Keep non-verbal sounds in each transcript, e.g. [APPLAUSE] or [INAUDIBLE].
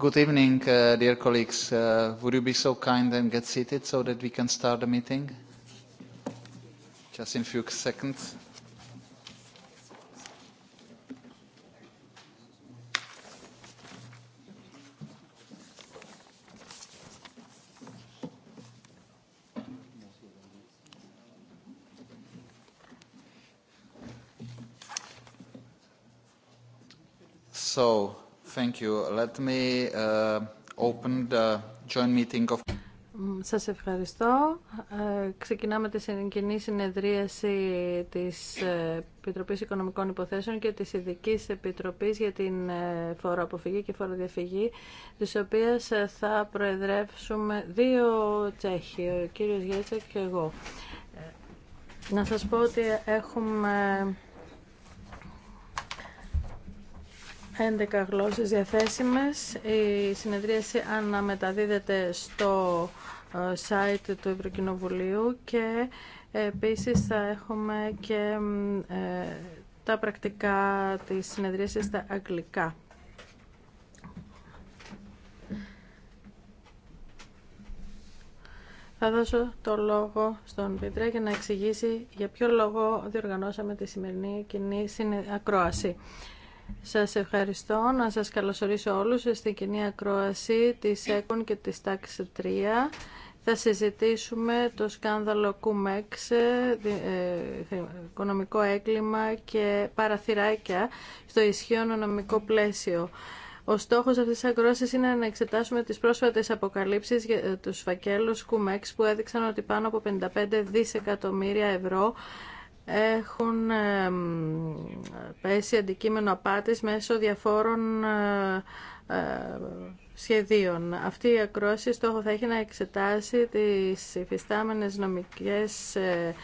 Good evening, uh dear colleagues. Uh Would you be so kind and get seated so that we can start the meeting? Just in a few seconds. Let uh, Σας ευχαριστώ. Ε, ξεκινάμε τη συνεδρίαση της ε, Επιτροπής Οικονομικών Υποθέσεων και της ειδική Επιτροπής για την ε, Φοροαποφυγή και Φοροδιαφυγή, της οποίας θα προεδρεύσουμε δύο Τσέχοι, ο κύριος Γέτσεκ και εγώ. Να σας πω ότι έχουμε 11 γλώσσες διαθέσιμες. Η συνεδρίαση αναμεταδίδεται στο ε, site του Ευρωκοινοβουλίου και επίσης θα έχουμε και ε, τα πρακτικά της συνεδρίασης στα αγγλικά. Θα δώσω το λόγο στον Πίτρα για να εξηγήσει για ποιο λόγο διοργανώσαμε τη σημερινή κοινή ακρόαση. Σας ευχαριστώ. Να σας καλωσορίσω όλους στην κοινή ακρόαση της ΕΚΟΝ και της ΤΑΞ 3. Θα συζητήσουμε το σκάνδαλο Κουμέξ, ε, οικονομικό έγκλημα και παραθυράκια στο ισχύον νομικό πλαίσιο. Ο στόχος αυτής της ακρόασης είναι να εξετάσουμε τις πρόσφατες αποκαλύψεις για τους φακέλους Κουμέξ που έδειξαν ότι πάνω από 55 δισεκατομμύρια ευρώ έχουν πέσει αντικείμενο απάτης μέσω διαφόρων ε, ε, σχεδίων. Αυτή η ακρόαση στόχο θα έχει να εξετάσει τις υφιστάμενες νομικές ε,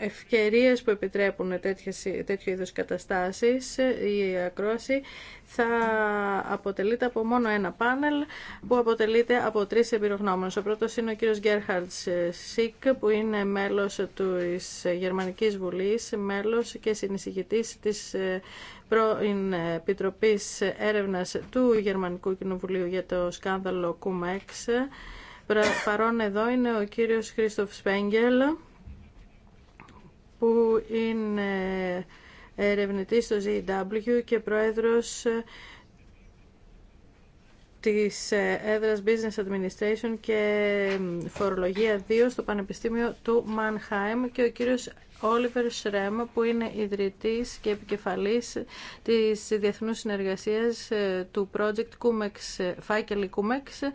ευκαιρίες που επιτρέπουν τέτοιες, τέτοιου είδους καταστάσεις η ακρόαση θα αποτελείται από μόνο ένα πάνελ που αποτελείται από τρεις εμπειρογνώμονες. Ο πρώτος είναι ο κύριος Γκέρχαρτ Σίκ που είναι μέλος της Γερμανικής Βουλής, μέλος και συνεισηγητής της ε, πρώην Επιτροπής Έρευνας του Γερμανικού Κοινοβουλίου για το σκάνδαλο Κουμέξ. Παρόν εδώ είναι ο κύριος Χρήστοφ Σπέγγελ, που είναι ερευνητής στο ZW και πρόεδρος της έδρας Business Administration και Φορολογία 2 στο Πανεπιστήμιο του Μανχάιμ και ο κύριος Όλιβερ Σρέμ που είναι ιδρυτής και επικεφαλής της Διεθνούς Συνεργασίας του Project Cumex, Cumex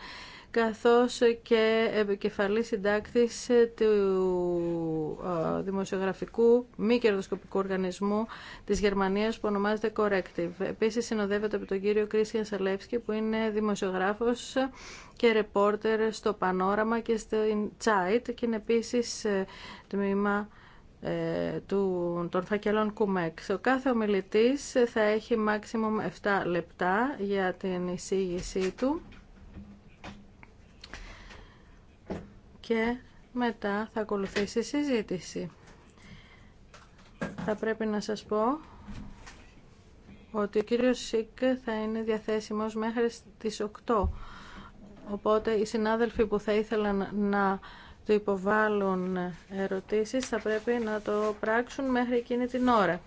καθώς και επικεφαλής συντάκτης του ε, δημοσιογραφικού μη κερδοσκοπικού οργανισμού της Γερμανίας που ονομάζεται Corrective. Επίσης συνοδεύεται από τον κύριο Κρίσιαν Σαλεύσκη που είναι δημοσιογράφος και ρεπόρτερ στο Πανόραμα και στο Insight και είναι επίσης ε, τμήμα ε, του, των φακελών Κουμέξ. Ο κάθε ομιλητής θα έχει maximum 7 λεπτά για την εισήγησή του. και μετά θα ακολουθήσει η συζήτηση. Θα πρέπει να σας πω ότι ο κύριος Σικ θα είναι διαθέσιμος μέχρι τις 8. Οπότε οι συνάδελφοι που θα ήθελαν να του υποβάλουν ερωτήσεις θα πρέπει να το πράξουν μέχρι εκείνη την ώρα.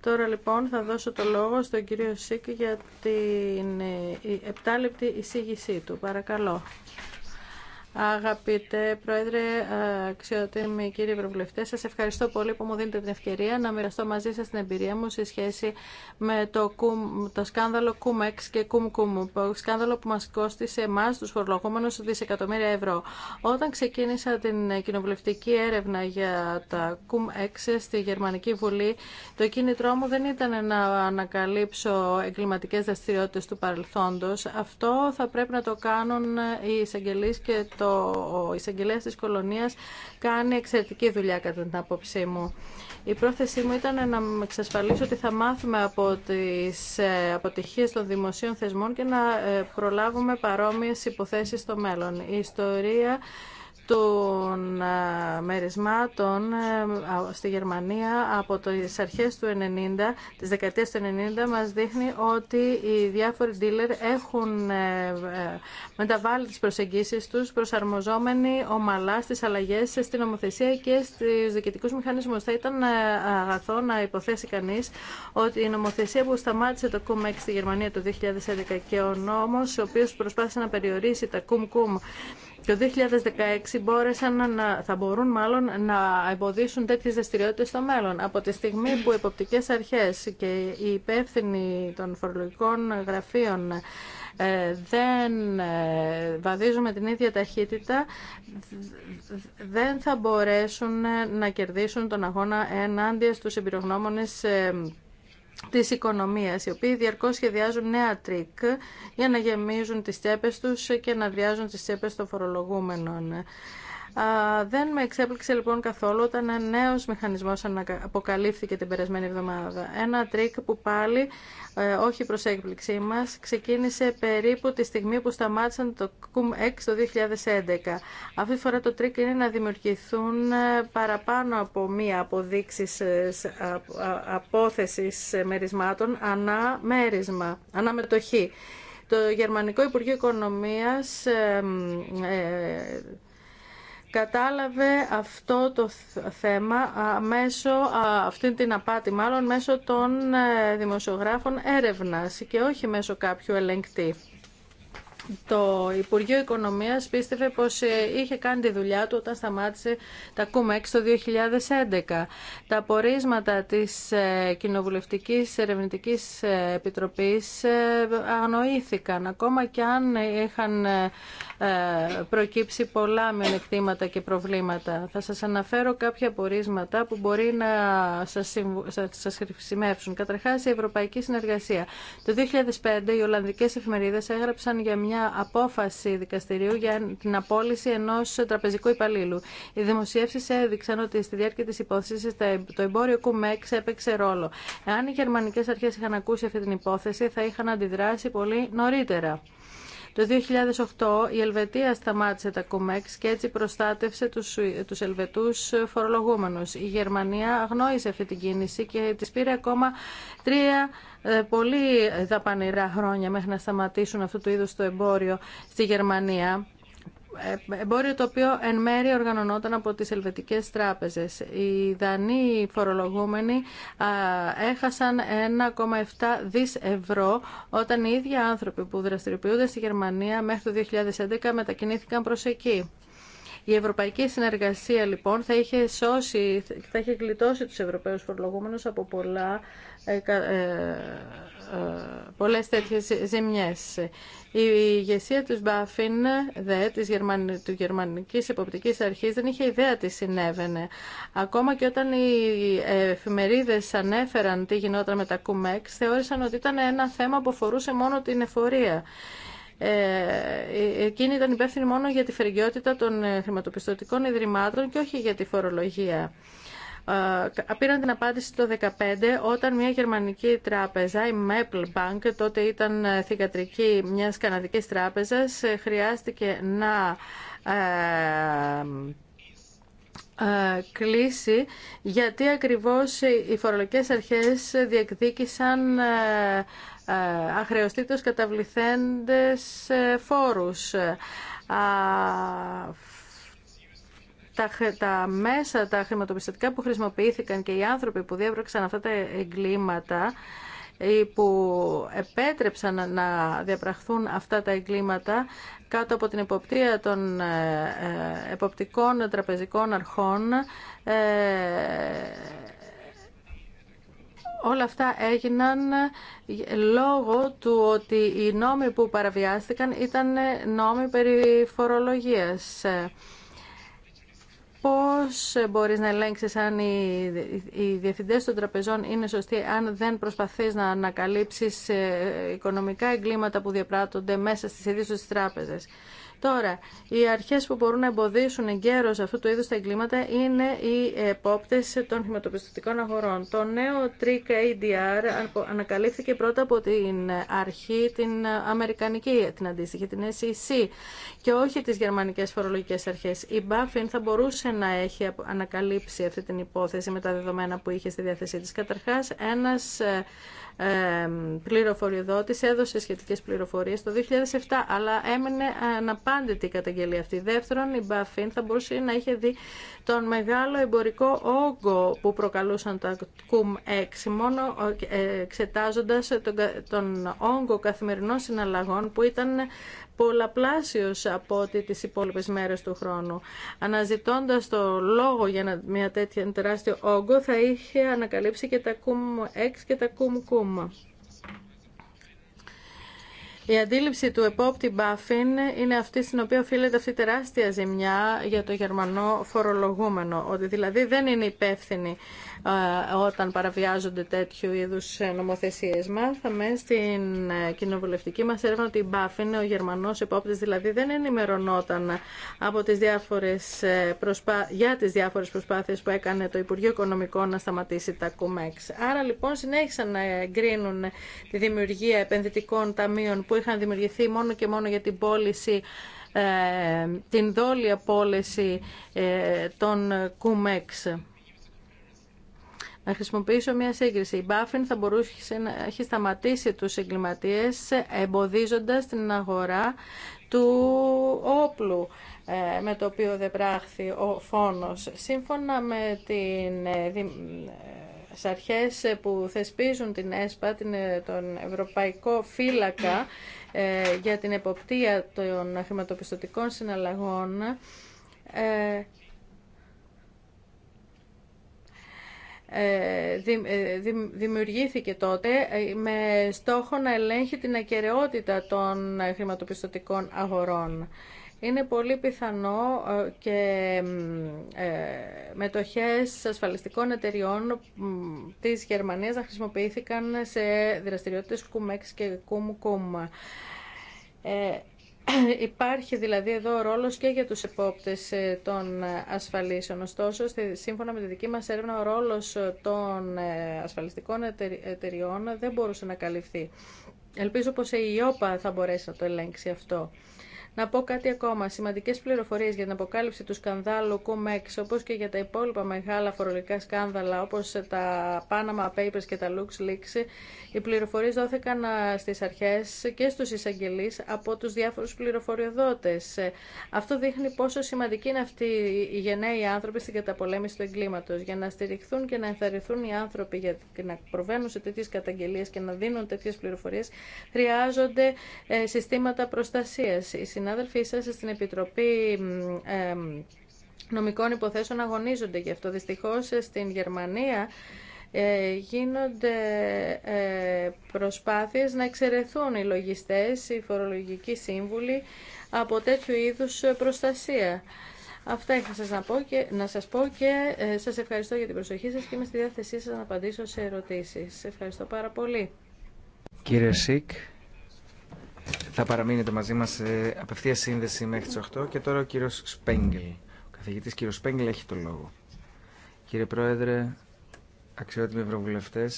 Τώρα λοιπόν θα δώσω το λόγο στον κύριο Σίκ για την ε, επτάλεπτη εισήγησή του. Παρακαλώ. Αγαπητέ Πρόεδρε, αξιότιμοι κύριοι Ευρωβουλευτέ, σα ευχαριστώ πολύ που μου δίνετε την ευκαιρία να μοιραστώ μαζί σα την εμπειρία μου σε σχέση με το, κουμ, το σκάνδαλο Κουμέξ και Κουμκουμ, σκάνδαλο που μα κόστησε εμά, του φορολογούμενου, δισεκατομμύρια ευρώ. Όταν ξεκίνησα την κοινοβουλευτική έρευνα για τα Κουμέξ στη Γερμανική Βουλή, το κίνητρό μου δεν ήταν να ανακαλύψω εγκληματικέ δραστηριότητε του παρελθόντο. Αυτό θα πρέπει να το κάνουν οι εισαγγελεί και το το, ο εισαγγελέα της κολονίας κάνει εξαιρετική δουλειά κατά την άποψή μου. Η πρόθεσή μου ήταν να με εξασφαλίσω ότι θα μάθουμε από τις ε, αποτυχίε των δημοσίων θεσμών και να ε, προλάβουμε παρόμοιες υποθέσεις στο μέλλον. Η ιστορία των ε, μερισμάτων ε, στη Γερμανία από τις αρχές του 90, τις δεκαετίες του 90 μας δείχνει ότι οι διάφοροι dealer έχουν ε, μεταβάλει τις προσεγγίσεις τους προσαρμοζόμενοι ομαλά στις αλλαγές στην νομοθεσία και στους διοικητικούς μηχανισμούς. Θα ήταν αγαθό να υποθέσει κανείς ότι η νομοθεσία που σταμάτησε το cum στη Γερμανία το 2011 και ο νόμος ο οποίος προσπάθησε να περιορίσει τα κουμ το 2016 θα μπορούν μάλλον να εμποδίσουν τέτοιες δραστηριότητε στο μέλλον. Από τη στιγμή που οι εποπτικές αρχές και οι υπεύθυνοι των φορολογικών γραφείων ε, δεν ε, με την ίδια ταχύτητα, δεν θα μπορέσουν να κερδίσουν τον αγώνα ενάντια στους εμπειρογνώμονες ε, Τη οικονομία, οι οποίοι διαρκώ σχεδιάζουν νέα τρίκ για να γεμίζουν τι τσέπε τους και να βριάζουν τι τσέπε των φορολογούμενων δεν με εξέπληξε λοιπόν καθόλου όταν ένα νέο μηχανισμός αποκαλύφθηκε την περασμένη εβδομάδα. Ένα τρίκ που πάλι, ε, όχι προς έκπληξή μας, ξεκίνησε περίπου τη στιγμή που σταμάτησαν το cum το 2011. Αυτή τη φορά το τρίκ είναι να δημιουργηθούν ε, παραπάνω από μία αποδείξη ε, απόθεσης μερισμάτων ανά μέρισμα, ανά Το Γερμανικό Υπουργείο Οικονομίας κατάλαβε αυτό το θέμα μέσω, αυτή την απάτη μάλλον, μέσω των ε, δημοσιογράφων έρευνας και όχι μέσω κάποιου ελεγκτή. Το Υπουργείο Οικονομίας πίστευε πως ε, είχε κάνει τη δουλειά του όταν σταμάτησε τα ΚΟΜΕΚ το 2011. Τα πορίσματα της ε, Κοινοβουλευτικής Ερευνητικής Επιτροπής αγνοήθηκαν, ακόμα και αν είχαν ε, προκύψει πολλά μειονεκτήματα και προβλήματα. Θα σας αναφέρω κάποια απορίσματα που μπορεί να σας, σας χρησιμεύσουν. Καταρχάς, η Ευρωπαϊκή Συνεργασία. Το 2005 οι Ολλανδικές εφημερίδες έγραψαν για μια απόφαση δικαστηρίου για την απόλυση ενός τραπεζικού υπαλλήλου. Οι δημοσιεύσεις έδειξαν ότι στη διάρκεια της υπόθεσης το εμπόριο κουμέξ έπαιξε ρόλο. Εάν οι γερμανικές αρχές είχαν ακούσει αυτή την υπόθεση θα είχαν αντιδράσει πολύ νωρίτερα. Το 2008 η Ελβετία σταμάτησε τα κουμέξ και έτσι προστάτευσε τους, τους Ελβετούς φορολογούμενους. Η Γερμανία αγνόησε αυτή την κίνηση και τις πήρε ακόμα τρία ε, πολύ δαπανηρά χρόνια μέχρι να σταματήσουν αυτού του είδους το εμπόριο στη Γερμανία ε, εμπόριο το οποίο εν μέρη οργανωνόταν από τις ελβετικές τράπεζες. Οι δανείοι φορολογούμενοι έχασαν 1,7 δις ευρώ όταν οι ίδιοι άνθρωποι που δραστηριοποιούνται στη Γερμανία μέχρι το 2011 μετακινήθηκαν προς εκεί. Η ευρωπαϊκή συνεργασία λοιπόν θα είχε σώσει, θα είχε γλιτώσει τους Ευρωπαίους φορολογούμενους από πολλά, ε, ε, ε πολλές τέτοιες ζημιές. Η ηγεσία του Μπάφιν, δε, της Γερμαν... του Γερμανικής Εποπτικής Αρχής, δεν είχε ιδέα τι συνέβαινε. Ακόμα και όταν οι εφημερίδες ανέφεραν τι γινόταν με τα Κουμέξ, θεώρησαν ότι ήταν ένα θέμα που αφορούσε μόνο την εφορία. Ε, εκείνη ήταν υπεύθυνη μόνο για τη φεργιότητα των ε, χρηματοπιστωτικών ιδρυμάτων και όχι για τη φορολογία. Ε, πήραν την απάντηση το 2015 όταν μια γερμανική τράπεζα, η Maple Bank, τότε ήταν θηγατρική μιας καναδικής τράπεζας, χρειάστηκε να κλείσει γιατί ακριβώς οι φορολογικές αρχές διεκδίκησαν ε, αχρεωστήτως καταβληθέντες ε, φόρους. Ε, τα, τα μέσα, τα χρηματοπιστωτικά που χρησιμοποιήθηκαν και οι άνθρωποι που διέπραξαν αυτά τα εγκλήματα ή που επέτρεψαν να διαπραχθούν αυτά τα εγκλήματα κάτω από την υποπτία των εποπτικών τραπεζικών αρχών όλα αυτά έγιναν λόγω του ότι οι νόμοι που παραβιάστηκαν ήταν νόμοι περί φορολογίας. Πώς μπορείς να ελέγξεις αν οι, οι διευθυντές των τραπεζών είναι σωστοί αν δεν προσπαθείς να ανακαλύψεις ε, οικονομικά εγκλήματα που διαπράττονται μέσα στις ίδιες τις τράπεζες. Τώρα, οι αρχές που μπορούν να εμποδίσουν εγκαίρω αυτού του είδου τα εγκλήματα είναι οι επόπτε των χρηματοπιστωτικών αγορών. Το νέο τρίκ ADR ανακαλύφθηκε πρώτα από την αρχή την Αμερικανική, την αντίστοιχη, την SEC και όχι τις γερμανικές φορολογικές αρχές. Η Buffin θα μπορούσε να έχει ανακαλύψει αυτή την υπόθεση με τα δεδομένα που είχε στη διάθεσή τη. Καταρχά ένας ε, πληροφοριοδότης έδωσε σχετικές πληροφορίες το 2007, αλλά έμεινε αναπάντητη η καταγγελία αυτή. Δεύτερον, η Μπαφίν θα μπορούσε να είχε δει τον μεγάλο εμπορικό όγκο που προκαλούσαν τα κουμ 6 μόνο ε, εξετάζοντας τον, τον όγκο καθημερινών συναλλαγών που ήταν πολλαπλάσιος από ό,τι τις υπόλοιπες μέρες του χρόνου. Αναζητώντας το λόγο για μια τέτοια τεράστιο όγκο θα είχε ανακαλύψει και τα κουμ εξ και τα κουμ κουμ. Η αντίληψη του επόπτη Μπάφιν είναι αυτή στην οποία οφείλεται αυτή η τεράστια ζημιά για το γερμανό φορολογούμενο. Ότι δηλαδή δεν είναι υπεύθυνοι ε, όταν παραβιάζονται τέτοιου είδου νομοθεσίε. Μάθαμε στην ε, κοινοβουλευτική μα έρευνα ότι η Μπάφιν, ο γερμανό Επόπτη, δηλαδή δεν ενημερωνόταν από τις διάφορες ε, προσπά... για τι διάφορε προσπάθειε που έκανε το Υπουργείο Οικονομικών να σταματήσει τα κουμέξ. Άρα λοιπόν συνέχισαν να εγκρίνουν τη δημιουργία επενδυτικών ταμείων που είχαν δημιουργηθεί μόνο και μόνο για την πώληση ε, την δόλια πώληση ε, των κουμέξ. Να χρησιμοποιήσω μια σύγκριση. Η Μπάφιν θα μπορούσε να έχει σταματήσει τους εγκληματίες εμποδίζοντας την αγορά του όπλου ε, με το οποίο δεν πράχθη ο φόνος. Σύμφωνα με την αρχές ε, που θεσπίζουν την ΕΣΠΑ, την, ε, τον Ευρωπαϊκό Φύλακα ε, για την εποπτεία των χρηματοπιστωτικών συναλλαγών, δημιουργήθηκε τότε με στόχο να ελέγχει την ακαιρεότητα των χρηματοπιστωτικών αγορών είναι πολύ πιθανό ε, και ε, μετοχές ασφαλιστικών εταιριών της Γερμανίας να χρησιμοποιήθηκαν σε δραστηριότητες κουμέξ και κουμ ε, [CLEARS THROAT] Υπάρχει δηλαδή εδώ ρόλος και για τους επόπτες των ασφαλίσεων. Ωστόσο, σύμφωνα με τη δική μας έρευνα, ο ρόλος των ασφαλιστικών εταιριών δεν μπορούσε να καλυφθεί. Ελπίζω πως η ΙΟΠΑ θα μπορέσει να το ελέγξει αυτό. Να πω κάτι ακόμα. σημαντικέ πληροφορίε για την αποκάλυψη του σκανδάλου Κουμέξ, όπω και για τα υπόλοιπα μεγάλα φορολογικά σκάνδαλα, όπω τα Panama Papers και τα Lux Leaks, οι πληροφορίε δόθηκαν στι αρχέ και στου εισαγγελεί από του διάφορου πληροφοριοδότε. Αυτό δείχνει πόσο σημαντική είναι αυτή οι γενναίοι άνθρωποι στην καταπολέμηση του εγκλήματο. Για να στηριχθούν και να ενθαρρυνθούν οι άνθρωποι για να προβαίνουν σε τέτοιε καταγγελίε και να δίνουν τέτοιε πληροφορίε, χρειάζονται ε, συστήματα προστασία συνάδελφοί σας στην Επιτροπή Νομικών Υποθέσεων αγωνίζονται γι' αυτό. Δυστυχώς στην Γερμανία ε, γίνονται ε, προσπάθειες να εξαιρεθούν οι λογιστές, οι φορολογικοί σύμβουλοι από τέτοιου είδους προστασία. Αυτά είχα σας να, πω και, να σας πω και ε, σας ευχαριστώ για την προσοχή σας και είμαι στη διάθεσή σας να απαντήσω σε ερωτήσεις. Ευχαριστώ πάρα πολύ θα παραμείνετε μαζί μας σε απευθεία σύνδεση μέχρι τις 8 και τώρα ο κύριος Σπέγγελ. Ο καθηγητής κύριος Σπέγγελ έχει το λόγο. Κύριε Πρόεδρε, αξιότιμοι ευρωβουλευτέ,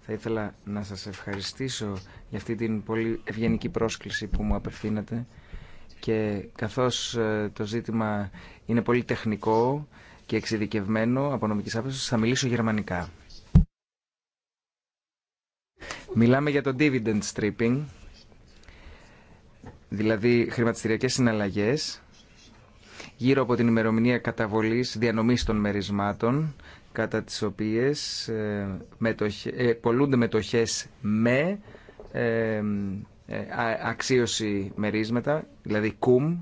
θα ήθελα να σας ευχαριστήσω για αυτή την πολύ ευγενική πρόσκληση που μου απευθύνατε και καθώς ε, το ζήτημα είναι πολύ τεχνικό και εξειδικευμένο από νομική άποψης, θα μιλήσω γερμανικά. Μιλάμε για το dividend stripping, δηλαδή χρηματιστηριακές συναλλαγές, γύρω από την ημερομηνία καταβολής διανομής των μερισμάτων, κατά τις οποίες ε, μετοχε, ε, πολλούνται μετοχές με ε, ε αξίωση μερίσματα, δηλαδή κουμ,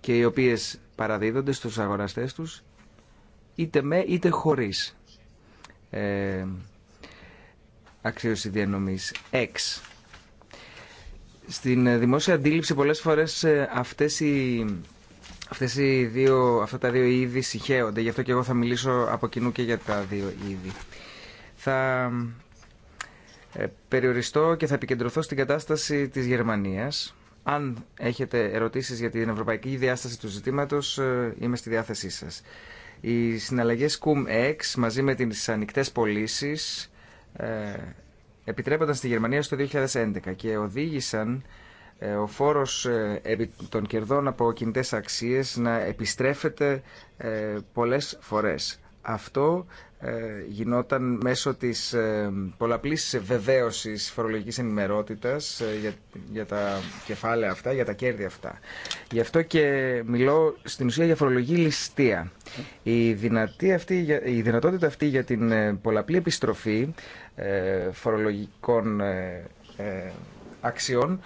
και οι οποίες παραδίδονται στους αγοραστές τους είτε με είτε χωρίς ε, αξίωση διανομής. x στην ε, δημόσια αντίληψη πολλές φορές ε, αυτές οι, αυτές οι δύο, αυτά τα δύο είδη συχαίονται. Γι' αυτό και εγώ θα μιλήσω από κοινού και για τα δύο είδη. Θα ε, περιοριστώ και θα επικεντρωθώ στην κατάσταση της Γερμανίας. Αν έχετε ερωτήσεις για την ευρωπαϊκή διάσταση του ζητήματος, είμαι στη διάθεσή σας. Οι συναλλαγες κουμ CUM-X μαζί με τις ανοιχτές πωλήσει επιτρέπονταν στη Γερμανία στο 2011 και οδήγησαν ε, ο φόρος ε, των κερδών από κινητές αξίες να επιστρέφεται ε, πολλές φορές. Αυτό γινόταν μέσω της πολλαπλής βεβαίωσης φορολογικής ενημερότητας για τα κεφάλαια αυτά, για τα κέρδη αυτά. Γι' αυτό και μιλώ στην ουσία για φορολογική ληστεία. Η, αυτή, η δυνατότητα αυτή για την πολλαπλή επιστροφή ε, φορολογικών ε, ε, αξιών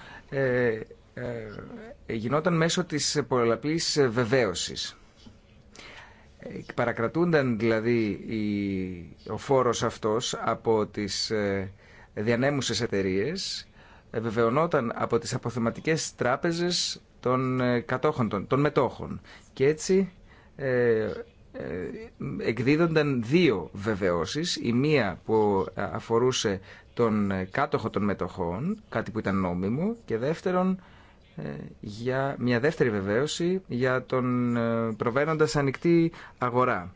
γινόταν μέσω της πολλαπλής βεβαίωσης. Παρακρατούνταν δηλαδή ο φόρος αυτός από τις διανέμουσες εταιρείες, βεβαιωνόταν από τις αποθεματικές τράπεζες των κατόχων, των μετόχων. Και έτσι εκδίδονταν δύο βεβαιώσεις, η μία που αφορούσε τον κάτοχο των μετοχών, κάτι που ήταν νόμιμο, και δεύτερον ε, για μια δεύτερη βεβαίωση για τον ε, προβαίνοντα ανοιχτή αγορά.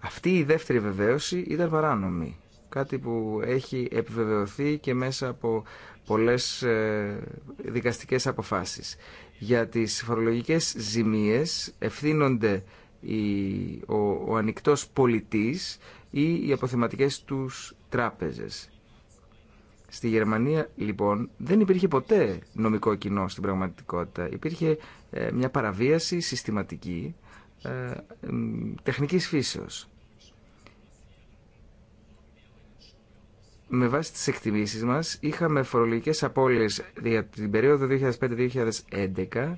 Αυτή η δεύτερη βεβαίωση ήταν παράνομη, κάτι που έχει επιβεβαιωθεί και μέσα από πολλές ε, δικαστικές αποφάσεις. Για τις φορολογικές ζημίες ευθύνονται ο, ο ανοιχτός πολιτής ή οι αποθεματικές τους τράπεζες. Στη Γερμανία, λοιπόν, δεν υπήρχε ποτέ νομικό κοινό στην πραγματικότητα. Υπήρχε ε, μια παραβίαση συστηματική ε, τεχνικής φύσεως. Με βάση τις εκτιμήσεις μας, είχαμε φορολογικές απώλειες για την περίοδο 2005-2011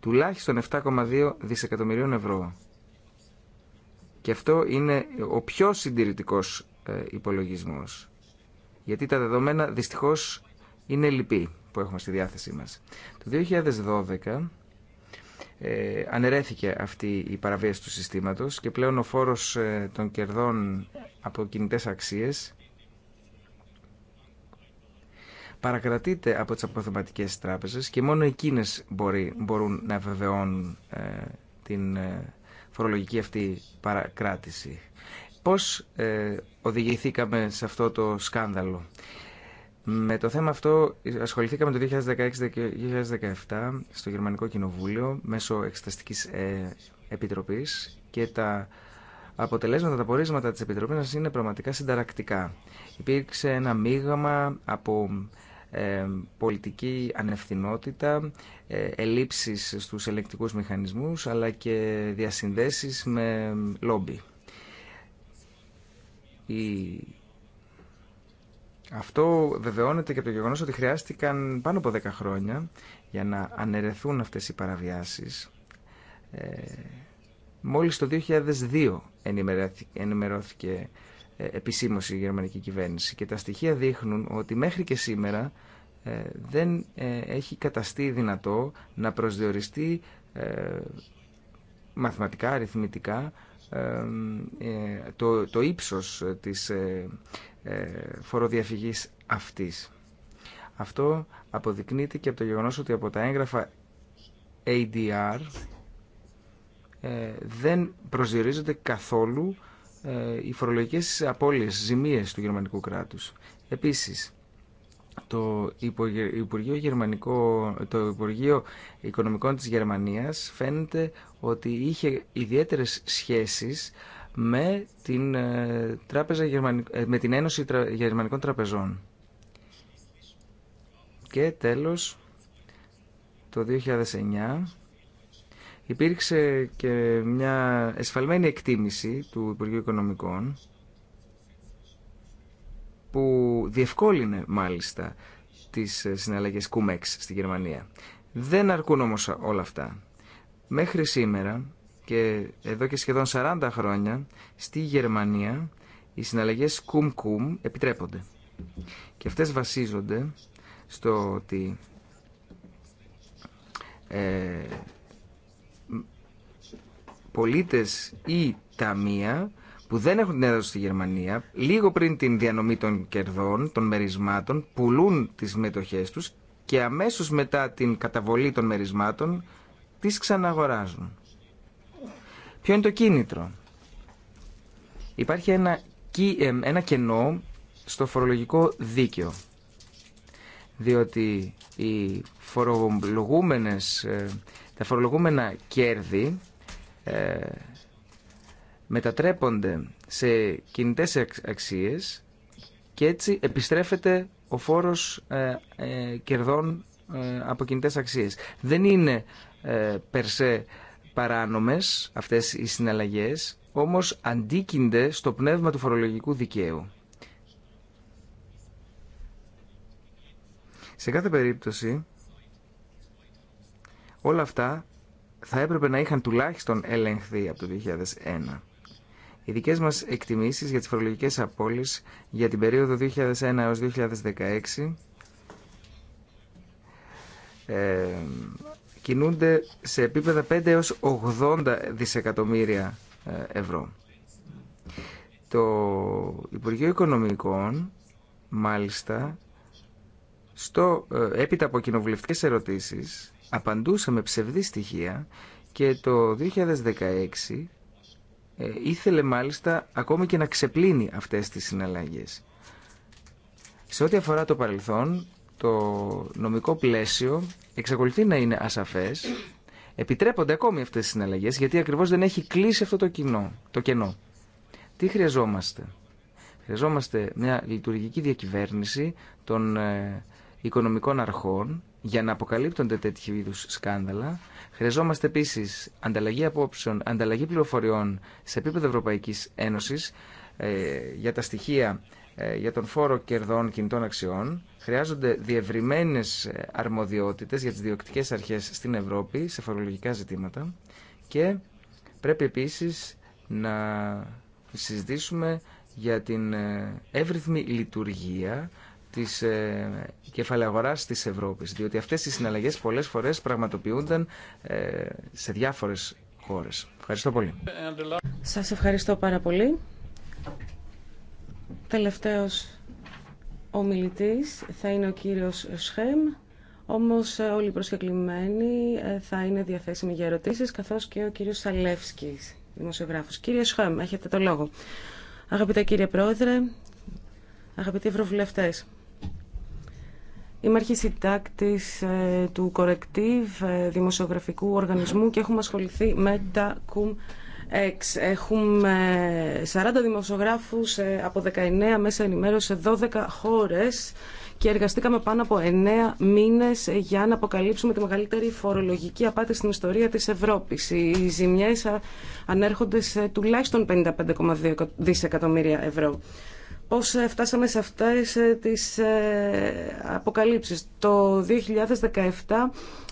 τουλάχιστον 7,2 δισεκατομμυρίων ευρώ. Και αυτό είναι ο πιο συντηρητικός ε, υπολογισμός. Γιατί τα δεδομένα δυστυχώς είναι λυπή που έχουμε στη διάθεσή μας. Το 2012 ε, αναιρέθηκε αυτή η παραβίαση του συστήματος και πλέον ο φόρος ε, των κερδών από κινητές αξίες παρακρατείται από τις αποθεματικές τράπεζες και μόνο εκείνες μπορεί, μπορούν να βεβαιώνουν ε, την φορολογική αυτή παρακράτηση. Πώς ε, οδηγηθήκαμε σε αυτό το σκάνδαλο. Με το θέμα αυτό ασχοληθήκαμε το 2016-2017 στο Γερμανικό Κοινοβούλιο μέσω Εξεταστικής ε, Επιτροπής και τα αποτελέσματα, τα πορίσματα της Επιτροπής είναι πραγματικά συνταρακτικά. Υπήρξε ένα μείγμα από ε, πολιτική ανευθυνότητα, ε, ελλείψεις στους ελεκτικούς μηχανισμούς, αλλά και διασυνδέσεις με λόμπι. Η... Αυτό βεβαιώνεται και από το γεγονός ότι χρειάστηκαν πάνω από 10 χρόνια για να αναιρεθούν αυτές οι παραβιάσεις. Ε, μόλις το 2002 ενημερώθηκε ε, επισήμως η γερμανική κυβέρνηση. Και τα στοιχεία δείχνουν ότι μέχρι και σήμερα ε, δεν ε, έχει καταστεί δυνατό να προσδιοριστεί μαθηματικά, αριθμητικά το, το ύψος της φοροδιαφυγής αυτής. Αυτό αποδεικνύεται και από το γεγονός ότι από τα έγγραφα ADR δεν προσδιορίζονται καθόλου ε, οι φορολογικές απώλειες, ζημίες του γερμανικού κράτους. Επίσης, το Υπουργείο, Γερμανικό, το Υπουργείο Οικονομικών της Γερμανίας φαίνεται ότι είχε ιδιαίτερες σχέσεις με την, ε, τράπεζα ε, με την Ένωση Γερμανικών Τραπεζών. Και τέλος, το 2009 Υπήρξε και μια εσφαλμένη εκτίμηση του Υπουργείου Οικονομικών που διευκόλυνε μάλιστα τις συναλλαγές Κουμέξ στη Γερμανία. Δεν αρκούν όμως όλα αυτά. Μέχρι σήμερα και εδώ και σχεδόν 40 χρόνια στη Γερμανία οι συναλλαγές κουμ-κουμ επιτρέπονται. Και αυτές βασίζονται στο ότι ε, πολίτες ή ταμεία που δεν έχουν την έδωση στη Γερμανία, λίγο πριν την διανομή των κερδών, των μερισμάτων, πουλούν τις μετοχές τους και αμέσως μετά την καταβολή των μερισμάτων τις ξαναγοράζουν. Ποιο είναι το κίνητρο. Υπάρχει ένα, ένα κενό στο φορολογικό δίκαιο. Διότι οι φορολογούμενες, ε, τα φορολογούμενα κέρδη ε, μετατρέπονται σε κινητές αξίες και έτσι επιστρέφεται ο φόρος ε, ε, κερδών από κινητές αξίες. Δεν είναι περσέ παράνομες αυτές οι συναλλαγές, όμως αντίκυνται στο πνεύμα του φορολογικού δικαίου. Σε κάθε περίπτωση, όλα αυτά θα έπρεπε να είχαν τουλάχιστον ελεγχθεί από το 2001. Οι δικές μας εκτιμήσεις για τις φορολογικές απώλειες για την περίοδο 2001 έως 2016 ε, κινούνται σε επίπεδα 5 έως 80 δισεκατομμύρια ε, ευρώ. Το Υπουργείο Οικονομικών, μάλιστα, στο, ε, έπειτα από κοινοβουλευτικές ερωτήσεις, απαντούσα με ψευδή στοιχεία και το 2016 ε, ήθελε μάλιστα ακόμη και να ξεπλύνει αυτές τις συναλλαγές. Σε ό,τι αφορά το παρελθόν, το νομικό πλαίσιο εξακολουθεί να είναι ασαφές. Επιτρέπονται ακόμη αυτές τις συναλλαγές γιατί ακριβώς δεν έχει κλείσει αυτό το, κοινό, το κενό. Τι χρειαζόμαστε. Χρειαζόμαστε μια λειτουργική διακυβέρνηση των ε, οικονομικών αρχών για να αποκαλύπτονται τέτοιου είδου σκάνδαλα, χρειαζόμαστε επίση ανταλλαγή απόψεων, ανταλλαγή πληροφοριών σε επίπεδο Ευρωπαϊκή Ένωση ε, για τα στοιχεία ε, για τον φόρο κερδών κινητών αξιών. Χρειάζονται διευρυμένε αρμοδιότητε για τι διοκτικέ αρχέ στην Ευρώπη σε φορολογικά ζητήματα και πρέπει επίση να συζητήσουμε για την ε, εύρυθμη λειτουργία Τη ε, αγορά της Ευρώπης, διότι αυτές οι συναλλαγές πολλές φορές πραγματοποιούνταν ε, σε διάφορες χώρες. Ευχαριστώ πολύ. Σας ευχαριστώ πάρα πολύ. Τελευταίος ο θα είναι ο κύριος Σχέμ, Όμω όλοι οι προσκεκλημένοι ε, θα είναι διαθέσιμοι για ερωτήσεις, καθώς και ο κύριος Σαλεύσκη, δημοσιογράφο. Κύριε Σχέμ, έχετε το λόγο. Αγαπητέ κύριε Πρόεδρε, αγαπητοί ευρωβουλευτέ. Είμαι αρχισυντάκτη ε, του Κορεκτίβ Δημοσιογραφικού Οργανισμού και έχουμε ασχοληθεί με τα κουμ. Έχουμε 40 δημοσιογράφους ε, από 19 μέσα ενημέρωση σε 12 χώρες και εργαστήκαμε πάνω από 9 μήνες για να αποκαλύψουμε τη μεγαλύτερη φορολογική απάτη στην ιστορία της Ευρώπης. Οι ζημιές ε, ανέρχονται σε τουλάχιστον 55,2 δισεκατομμύρια ευρώ πώς ε, φτάσαμε σε αυτές ε, τις ε, αποκαλύψεις. Το 2017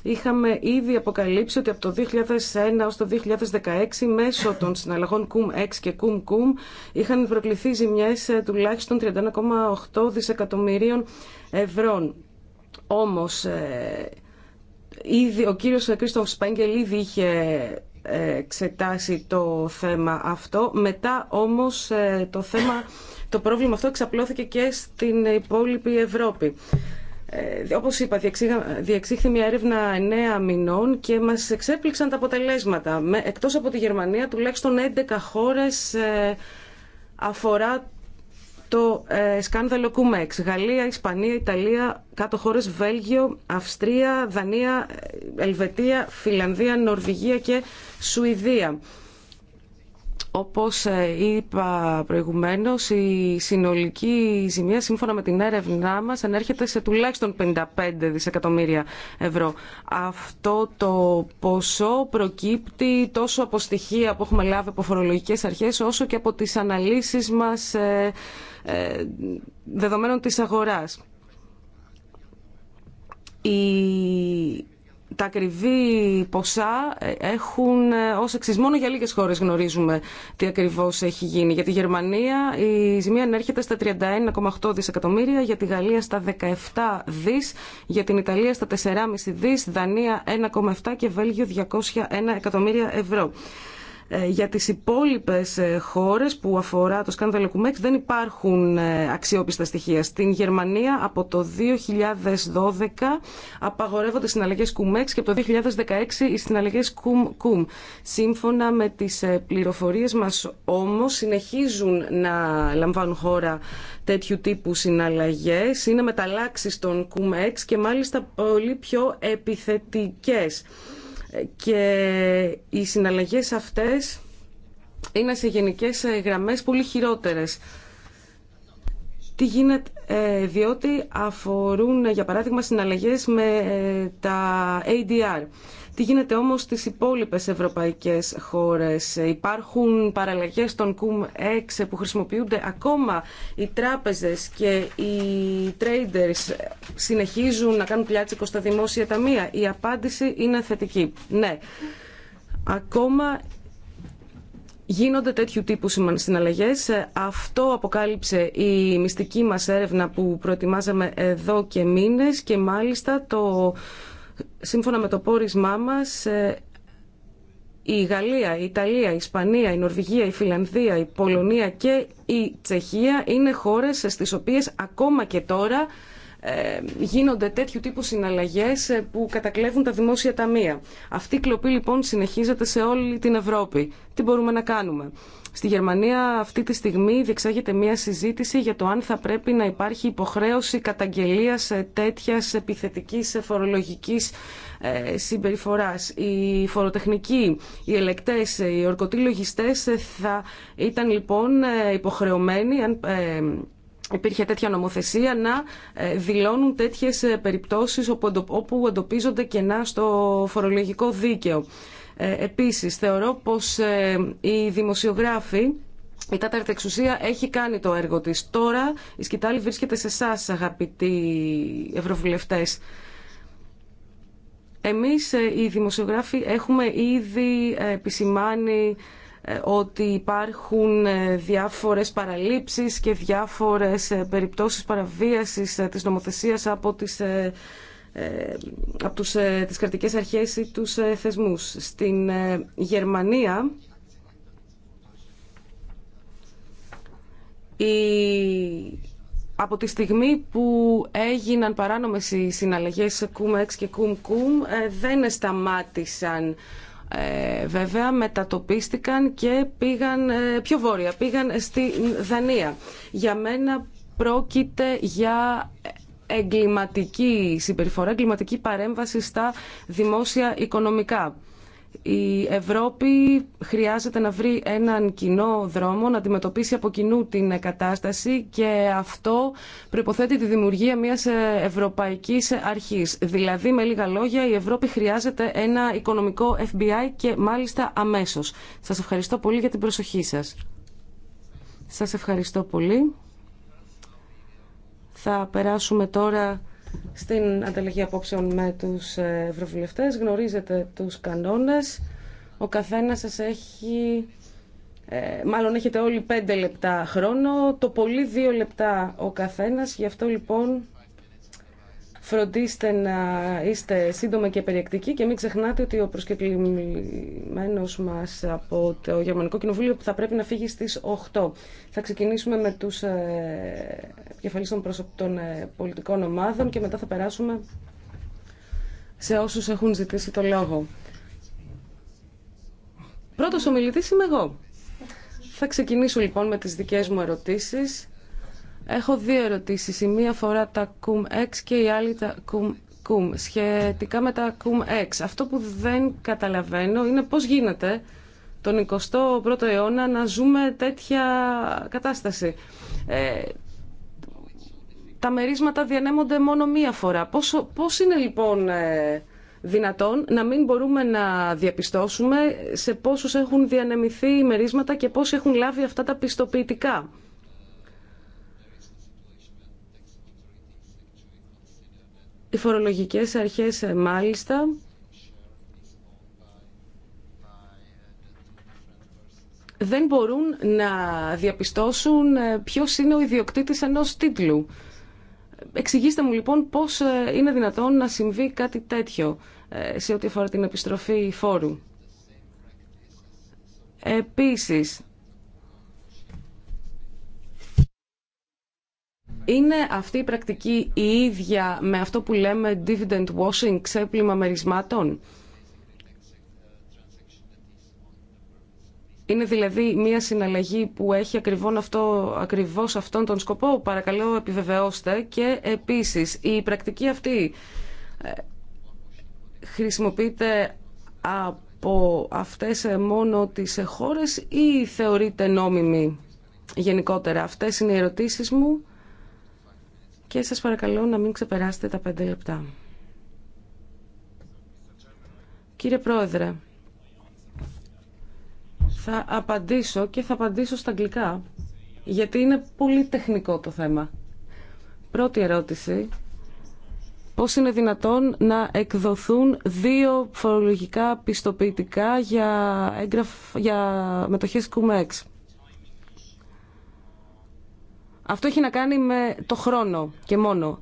είχαμε ήδη αποκαλύψει ότι από το 2001 ως το 2016 μέσω των συναλλαγων κουμ CUM-X και CUM-CUM είχαν προκληθεί ζημιές τουλάχιστον 31,8 δισεκατομμυρίων ευρώ. Όμως, ήδη, ο κύριος Κρίστοφ Σπέγγελ ήδη είχε εξετάσει το θέμα αυτό. Μετά όμως το θέμα το πρόβλημα αυτό εξαπλώθηκε και στην υπόλοιπη Ευρώπη. Ε, όπως είπα, διεξήχθη μια έρευνα 9 μηνών και μας εξέπληξαν τα αποτελέσματα. Με, εκτός από τη Γερμανία, τουλάχιστον 11 χώρες ε, αφορά το ε, σκάνδαλο Κουμέξ. Γαλλία, Ισπανία, Ιταλία, κάτω χώρες Βέλγιο, Αυστρία, Δανία, ε, Ελβετία, Φιλανδία, Νορβηγία και Σουηδία. Όπως ε, είπα προηγουμένως, η συνολική ζημία σύμφωνα με την έρευνά μας ανέρχεται σε τουλάχιστον 55 δισεκατομμύρια ευρώ. Αυτό το ποσό προκύπτει τόσο από στοιχεία που έχουμε λάβει από φορολογικές αρχές όσο και από τις αναλύσεις μας ε, ε, δεδομένων της αγοράς τα ακριβή ποσά ε, έχουν ε, ω εξή. Μόνο για λίγε χώρε γνωρίζουμε τι ακριβώ έχει γίνει. Για τη Γερμανία η ζημία ανέρχεται στα 31,8 δισεκατομμύρια, για τη Γαλλία στα 17 δι, για την Ιταλία στα 4,5 δι, Δανία 1,7 και Βέλγιο 201 εκατομμύρια ευρώ. Ε, για τις υπόλοιπες ε, χώρες που αφορά το σκάνδαλο Κουμέξ δεν υπάρχουν ε, αξιόπιστα στοιχεία. Στην Γερμανία από το 2012 απαγορεύονται οι συναλλαγές Κουμέξ και από το 2016 οι συναλλαγές Κουμ Κουμ. Σύμφωνα με τις πληροφορίες μας όμως συνεχίζουν να λαμβάνουν χώρα τέτοιου τύπου συναλλαγές. Είναι μεταλλάξεις των Κουμέξ και μάλιστα πολύ πιο επιθετικές και οι συναλλαγές αυτές είναι σε γενικές ε, γραμμές πολύ χειρότερες. Τι γίνεται, ε, διότι αφορούν ε, για παράδειγμα συναλλαγές με τα ADR. Τι γίνεται όμως στις υπόλοιπες ευρωπαϊκές χώρες. Υπάρχουν παραλλαγές των κουμ 6 που χρησιμοποιούνται ακόμα οι τράπεζες και οι traders συνεχίζουν να κάνουν πλιάτσικο στα δημόσια ταμεία. Η απάντηση είναι θετική. Ναι, ακόμα γίνονται τέτοιου τύπου συναλλαγές. Αυτό αποκάλυψε η μυστική μας έρευνα που προετοιμάζαμε εδώ και μήνες και μάλιστα το Σύμφωνα με το πόρισμά μας, ε, η Γαλλία, η Ιταλία, η Ισπανία, η Νορβηγία, η Φιλανδία, η Πολωνία και η Τσεχία είναι χώρες στις οποίες ακόμα και τώρα ε, γίνονται τέτοιου τύπου συναλλαγές ε, που κατακλέβουν τα δημόσια ταμεία. Αυτή η κλοπή λοιπόν συνεχίζεται σε όλη την Ευρώπη. Τι μπορούμε να κάνουμε. Στη Γερμανία αυτή τη στιγμή διεξάγεται μια συζήτηση για το αν θα πρέπει να υπάρχει υποχρέωση καταγγελίας ε, τέτοιας επιθετικής ε, φορολογικής ε, συμπεριφοράς. Οι φοροτεχνικοί, οι ελεκτές, οι ορκωτοί λογιστές θα ήταν λοιπόν υποχρεωμένοι αν υπήρχε τέτοια νομοθεσία να δηλώνουν τέτοιες περιπτώσεις όπου εντοπίζονται κενά στο φορολογικό δίκαιο. Ε, επίσης, θεωρώ πως η ε, δημοσιογράφοι η τέταρτη εξουσία έχει κάνει το έργο της. Τώρα η σκητάλη βρίσκεται σε εσά, αγαπητοί ευρωβουλευτές. Εμείς ε, οι δημοσιογράφοι έχουμε ήδη επισημάνει ότι υπάρχουν διάφορες παραλήψεις και διάφορες περιπτώσεις παραβίασης της νομοθεσίας από τις ε, από τους, ε, τις κρατικές αρχές ή τους ε, θεσμούς. Στην Γερμανία η... από τη στιγμή που έγιναν παράνομες οι συναλλαγές κουμεξ και κουμ δεν σταμάτησαν βέβαια μετατοπίστηκαν και πήγαν πιο βόρεια, πήγαν στη Δανία. Για μένα πρόκειται για εγκληματική συμπεριφορά, εγκληματική παρέμβαση στα δημόσια οικονομικά. Η Ευρώπη χρειάζεται να βρει έναν κοινό δρόμο, να αντιμετωπίσει από κοινού την κατάσταση και αυτό προϋποθέτει τη δημιουργία μιας ευρωπαϊκής αρχής. Δηλαδή, με λίγα λόγια, η Ευρώπη χρειάζεται ένα οικονομικό FBI και μάλιστα αμέσως. Σας ευχαριστώ πολύ για την προσοχή σας. Σας ευχαριστώ πολύ. Θα περάσουμε τώρα στην ανταλλαγή απόψεων με τους ε, ευρωβουλευτές. Γνωρίζετε τους κανόνες. Ο καθένας σας έχει... Ε, μάλλον έχετε όλοι πέντε λεπτά χρόνο, το πολύ δύο λεπτά ο καθένας. Γι' αυτό λοιπόν Φροντίστε να είστε σύντομα και περιεκτικοί και μην ξεχνάτε ότι ο προσκεκλημένος μας από το Γερμανικό Κοινοβούλιο θα πρέπει να φύγει στις 8. Θα ξεκινήσουμε με τους ε, κεφαλής των ε, πολιτικών ομάδων και μετά θα περάσουμε σε όσους έχουν ζητήσει το λόγο. Πρώτος ομιλητής είμαι εγώ. Θα ξεκινήσω λοιπόν με τις δικές μου ερωτήσεις Έχω δύο ερωτήσεις. Η μία αφορά τα cum και η άλλη τα CUM-CUM. Σχετικά με τα cum αυτό που δεν καταλαβαίνω είναι πώς γίνεται τον 21ο αιώνα να ζούμε τέτοια κατάσταση. Ε, τα μερίσματα διανέμονται μόνο μία φορά. Πώ πώς είναι λοιπόν ε, δυνατόν να μην μπορούμε να διαπιστώσουμε σε πόσους έχουν διανεμηθεί οι μερίσματα και πόσοι έχουν λάβει αυτά τα πιστοποιητικά. Οι φορολογικές αρχές ε, μάλιστα δεν μπορούν να διαπιστώσουν ε, ποιος είναι ο ιδιοκτήτης ενός τίτλου. Εξηγήστε μου λοιπόν πώς ε, είναι δυνατόν να συμβεί κάτι τέτοιο σε ό,τι αφορά την επιστροφή φόρου. Επίσης, Είναι αυτή η πρακτική η ίδια με αυτό που λέμε dividend washing, ξέπλυμα μερισμάτων. Είναι δηλαδή μια συναλλαγή που έχει ακριβώς, αυτό, ακριβώς αυτόν τον σκοπό. Παρακαλώ επιβεβαιώστε. Και επίσης η πρακτική αυτή ε, χρησιμοποιείται από αυτές ε, μόνο τις ε, χώρες ή θεωρείται νόμιμη γενικότερα. Αυτές είναι οι ερωτήσεις μου και σας παρακαλώ να μην ξεπεράσετε τα πέντε λεπτά. Κύριε Πρόεδρε, θα απαντήσω και θα απαντήσω στα αγγλικά, γιατί είναι πολύ τεχνικό το θέμα. Πρώτη ερώτηση. Πώς είναι δυνατόν να εκδοθούν δύο φορολογικά πιστοποιητικά για, έγγραφ, για μετοχές αυτό έχει να κάνει με το χρόνο και μόνο.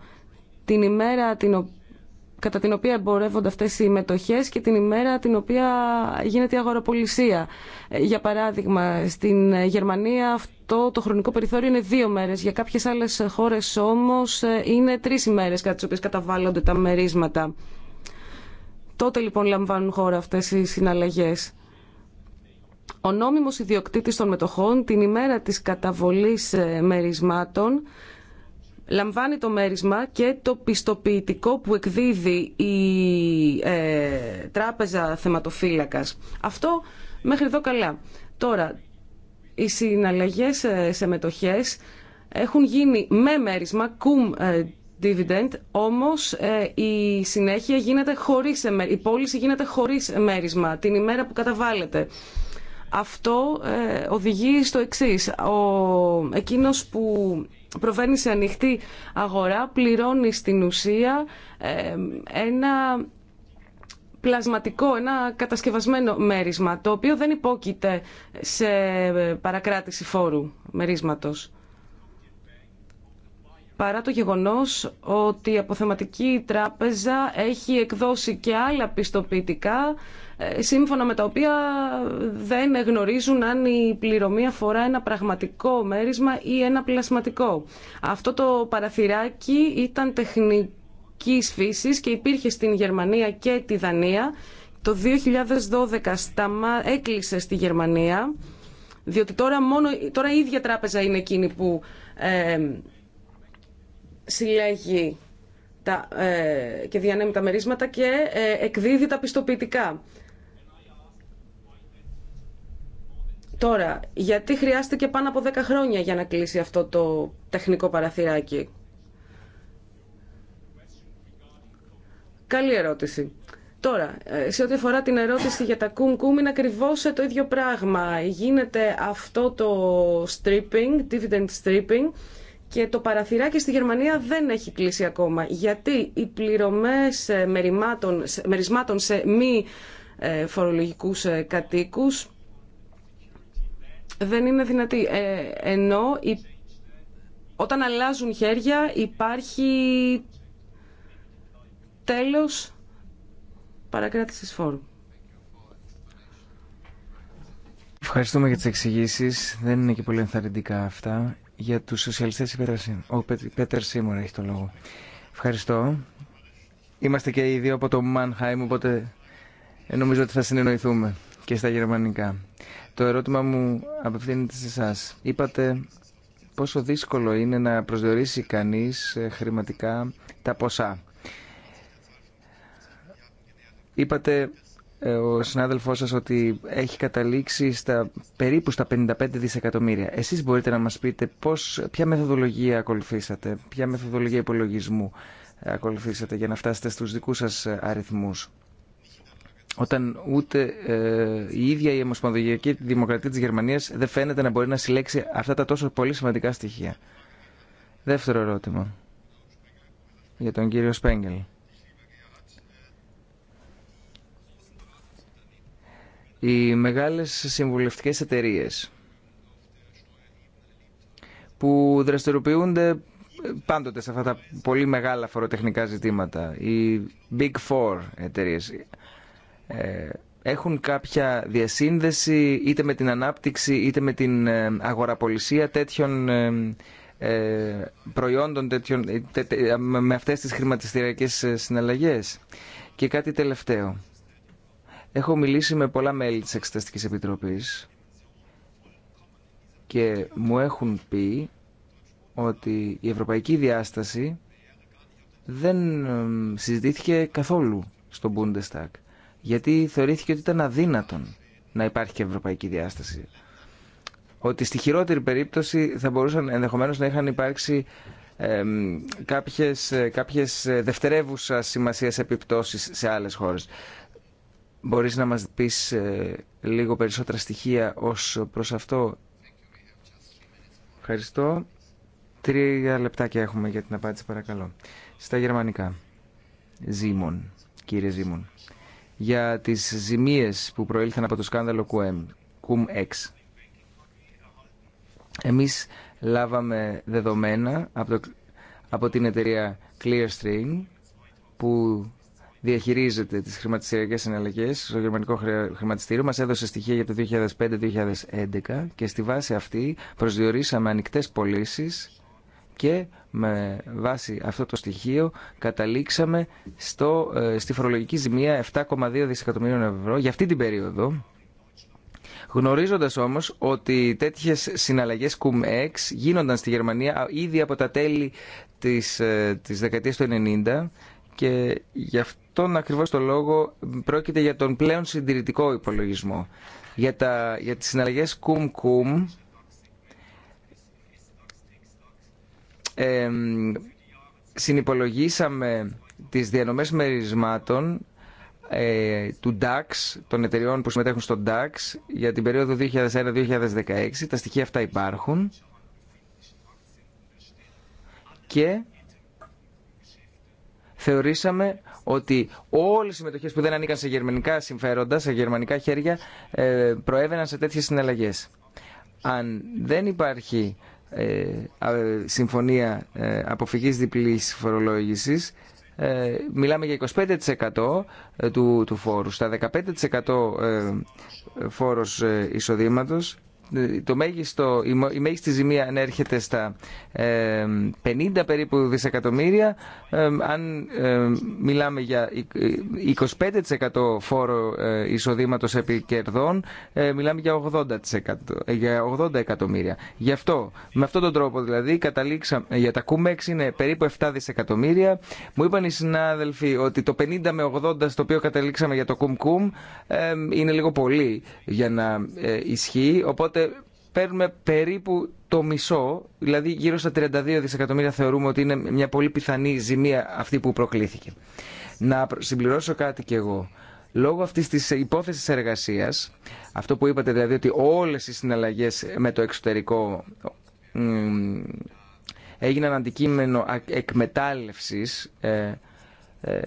Την ημέρα την κατά την οποία εμπορεύονται αυτές οι μετοχές και την ημέρα την οποία γίνεται η αγοροπολισία. Ε, για παράδειγμα, στην Γερμανία αυτό το χρονικό περιθώριο είναι δύο μέρες. Για κάποιες άλλες χώρες όμως ε, είναι τρεις ημέρες κατά τις οποίες καταβάλλονται τα μερίσματα. Τότε λοιπόν λαμβάνουν χώρα αυτές οι συναλλαγές ο νόμιμος ιδιοκτήτης των μετοχών την ημέρα της καταβολής ε, μερισμάτων λαμβάνει το μέρισμα και το πιστοποιητικό που εκδίδει η ε, τράπεζα θεματοφύλακας. Αυτό μέχρι εδώ καλά. Τώρα, οι συναλλαγές ε, σε μετοχές έχουν γίνει με μέρισμα, cum dividend, όμως η συνέχεια γίνεται χωρίς, η πώληση γίνεται χωρίς μέρισμα την ημέρα που καταβάλλεται. Αυτό ε, οδηγεί στο εξή. Εκείνος που προβαίνει σε ανοιχτή αγορά πληρώνει στην ουσία ε, ένα πλασματικό, ένα κατασκευασμένο μέρισμα, το οποίο δεν υπόκειται σε παρακράτηση φόρου μερίσματος παρά το γεγονός ότι η αποθεματική τράπεζα έχει εκδώσει και άλλα πιστοποιητικά ε, σύμφωνα με τα οποία δεν γνωρίζουν αν η πληρωμή αφορά ένα πραγματικό μέρισμα ή ένα πλασματικό. Αυτό το παραθυράκι ήταν τεχνικής φύσης και υπήρχε στην Γερμανία και τη Δανία. Το 2012 σταμα... έκλεισε στη Γερμανία, διότι τώρα, τώρα η ίδια τράπεζα είναι εκείνη που... Ε, συλλέγει τα, ε, και διανέμει τα μερίσματα και ε, εκδίδει τα πιστοποιητικά. Τώρα, γιατί χρειάστηκε πάνω από 10 χρόνια για να κλείσει αυτό το τεχνικό παραθυράκι. Καλή ερώτηση. Τώρα, ε, σε ό,τι αφορά την ερώτηση για τα κουμ-κουμ, είναι ακριβώ το ίδιο πράγμα. Γίνεται αυτό το stripping, dividend stripping, και το παραθυράκι στη Γερμανία δεν έχει κλείσει ακόμα γιατί οι πληρωμές ε, μερισμάτων, σε μη ε, φορολογικούς ε, κατοίκους δεν είναι δυνατή. ενώ η, όταν αλλάζουν χέρια υπάρχει τέλος παρακράτησης φόρου. Ευχαριστούμε για τις εξηγήσεις. Δεν είναι και πολύ ενθαρρυντικά αυτά. Για τους σοσιαλιστές η Ο Πέτερ Σίμωρα έχει το λόγο. Ευχαριστώ. Είμαστε και οι δύο από το Μανχάιμ, οπότε ε, νομίζω ότι θα συνεννοηθούμε και στα γερμανικά. Το ερώτημα μου απευθύνεται σε εσά. Είπατε πόσο δύσκολο είναι να προσδιορίσει κανείς ε, χρηματικά τα ποσά. Είπατε ε, ο συνάδελφός σας ότι έχει καταλήξει στα περίπου στα 55 δισεκατομμύρια. Εσείς μπορείτε να μας πείτε πώς, ποια μεθοδολογία ακολουθήσατε, ποια μεθοδολογία υπολογισμού ε, ακολουθήσατε για να φτάσετε στους δικούς σας ε, αριθμούς. Όταν ούτε η ίδια η Ομοσπονδιακή Δημοκρατία της Γερμανίας δεν φαίνεται να μπορεί να συλλέξει αυτά τα τόσο πολύ σημαντικά στοιχεία. Δεύτερο ερώτημα για τον κύριο Σπέγγελ. οι μεγάλες συμβουλευτικές εταιρείες που δραστηριοποιούνται πάντοτε σε αυτά τα πολύ μεγάλα φοροτεχνικά ζητήματα, οι Big Four εταιρείες, ε, έχουν κάποια διασύνδεση είτε με την ανάπτυξη είτε με την ε, αγοραπολισία τέτοιων ε, προϊόντων τέτοιων, με αυτές τις χρηματιστηριακές συναλλαγές. Και κάτι τελευταίο. Έχω μιλήσει με πολλά μέλη της Εξεταστικής Επιτροπής και μου έχουν πει ότι η ευρωπαϊκή διάσταση δεν συζητήθηκε καθόλου στο Bundestag γιατί θεωρήθηκε ότι ήταν αδύνατον να υπάρχει και ευρωπαϊκή διάσταση. Ότι στη χειρότερη περίπτωση θα μπορούσαν ενδεχομένως να είχαν υπάρξει ε, κάποιες, κάποιες δευτερεύουσα σημασίες επιπτώσεις σε άλλες χώρες. Μπορείς να μας πεις ε, λίγο περισσότερα στοιχεία ως προς αυτό. Ευχαριστώ. Τρία λεπτάκια έχουμε για την απάντηση παρακαλώ. Στα γερμανικά. Ζήμων, κύριε Ζήμων. Για τις ζημίες που προήλθαν από το σκάνδαλο QM, QMX. Εμείς λάβαμε δεδομένα από, από την εταιρεία Clearstream που διαχειρίζεται τις χρηματιστηριακές συναλλαγές στο γερμανικό χρηματιστήριο. Μας έδωσε στοιχεία για το 2005-2011 και στη βάση αυτή προσδιορίσαμε ανοιχτέ πωλήσει και με βάση αυτό το στοιχείο καταλήξαμε στο, ε, στη φορολογική ζημία 7,2 δισεκατομμυρίων ευρώ για αυτή την περίοδο. Γνωρίζοντας όμως ότι τέτοιες συναλλαγές cum-ex γίνονταν στη Γερμανία ήδη από τα τέλη της, ε, της δεκαετίας του 90 και γι' αυτό αυτόν ακριβώ το λόγο πρόκειται για τον πλέον συντηρητικό υπολογισμό. Για, τα, για τις συναλλαγές κουμ-κουμ ε, συνυπολογίσαμε τις διανομές μερισμάτων ε, του DAX, των εταιριών που συμμετέχουν στο DAX για την περίοδο 2001-2016. Τα στοιχεία αυτά υπάρχουν. Και θεωρήσαμε ότι όλε οι συμμετοχέ που δεν ανήκαν σε γερμανικά συμφέροντα, σε γερμανικά χέρια, ε, προέβαιναν σε τέτοιε συναλλαγέ. Αν δεν υπάρχει ε, συμφωνία ε, αποφυγής διπλής Ε, μιλάμε για 25% του, του φόρου. Στα 15% φόρος εισοδήματος το μέγιστο, η μέγιστη ζημία ανέρχεται στα 50 περίπου δισεκατομμύρια. Αν μιλάμε για 25% ε, φόρο ε, εισοδήματος επί κερδών, ε, μιλάμε για 80%, για 80 εκατομμύρια. Γι' αυτό, με αυτόν τον τρόπο δηλαδή, καταλήξαμε, για τα κουμέξ είναι περίπου 7 δισεκατομμύρια. Μου είπαν οι συνάδελφοι ότι το 50 με 80 στο οποίο καταλήξαμε για το κουμκουμ είναι λίγο πολύ για να ισχύει, οπότε παίρνουμε περίπου το μισό, δηλαδή γύρω στα 32 δισεκατομμύρια θεωρούμε ότι είναι μια πολύ πιθανή ζημία αυτή που προκλήθηκε. Να συμπληρώσω κάτι κι εγώ. Λόγω αυτή τη υπόθεση εργασία, αυτό που είπατε δηλαδή ότι όλε οι συναλλαγέ με το εξωτερικό έγιναν αντικείμενο εκμετάλλευση, ε, ε,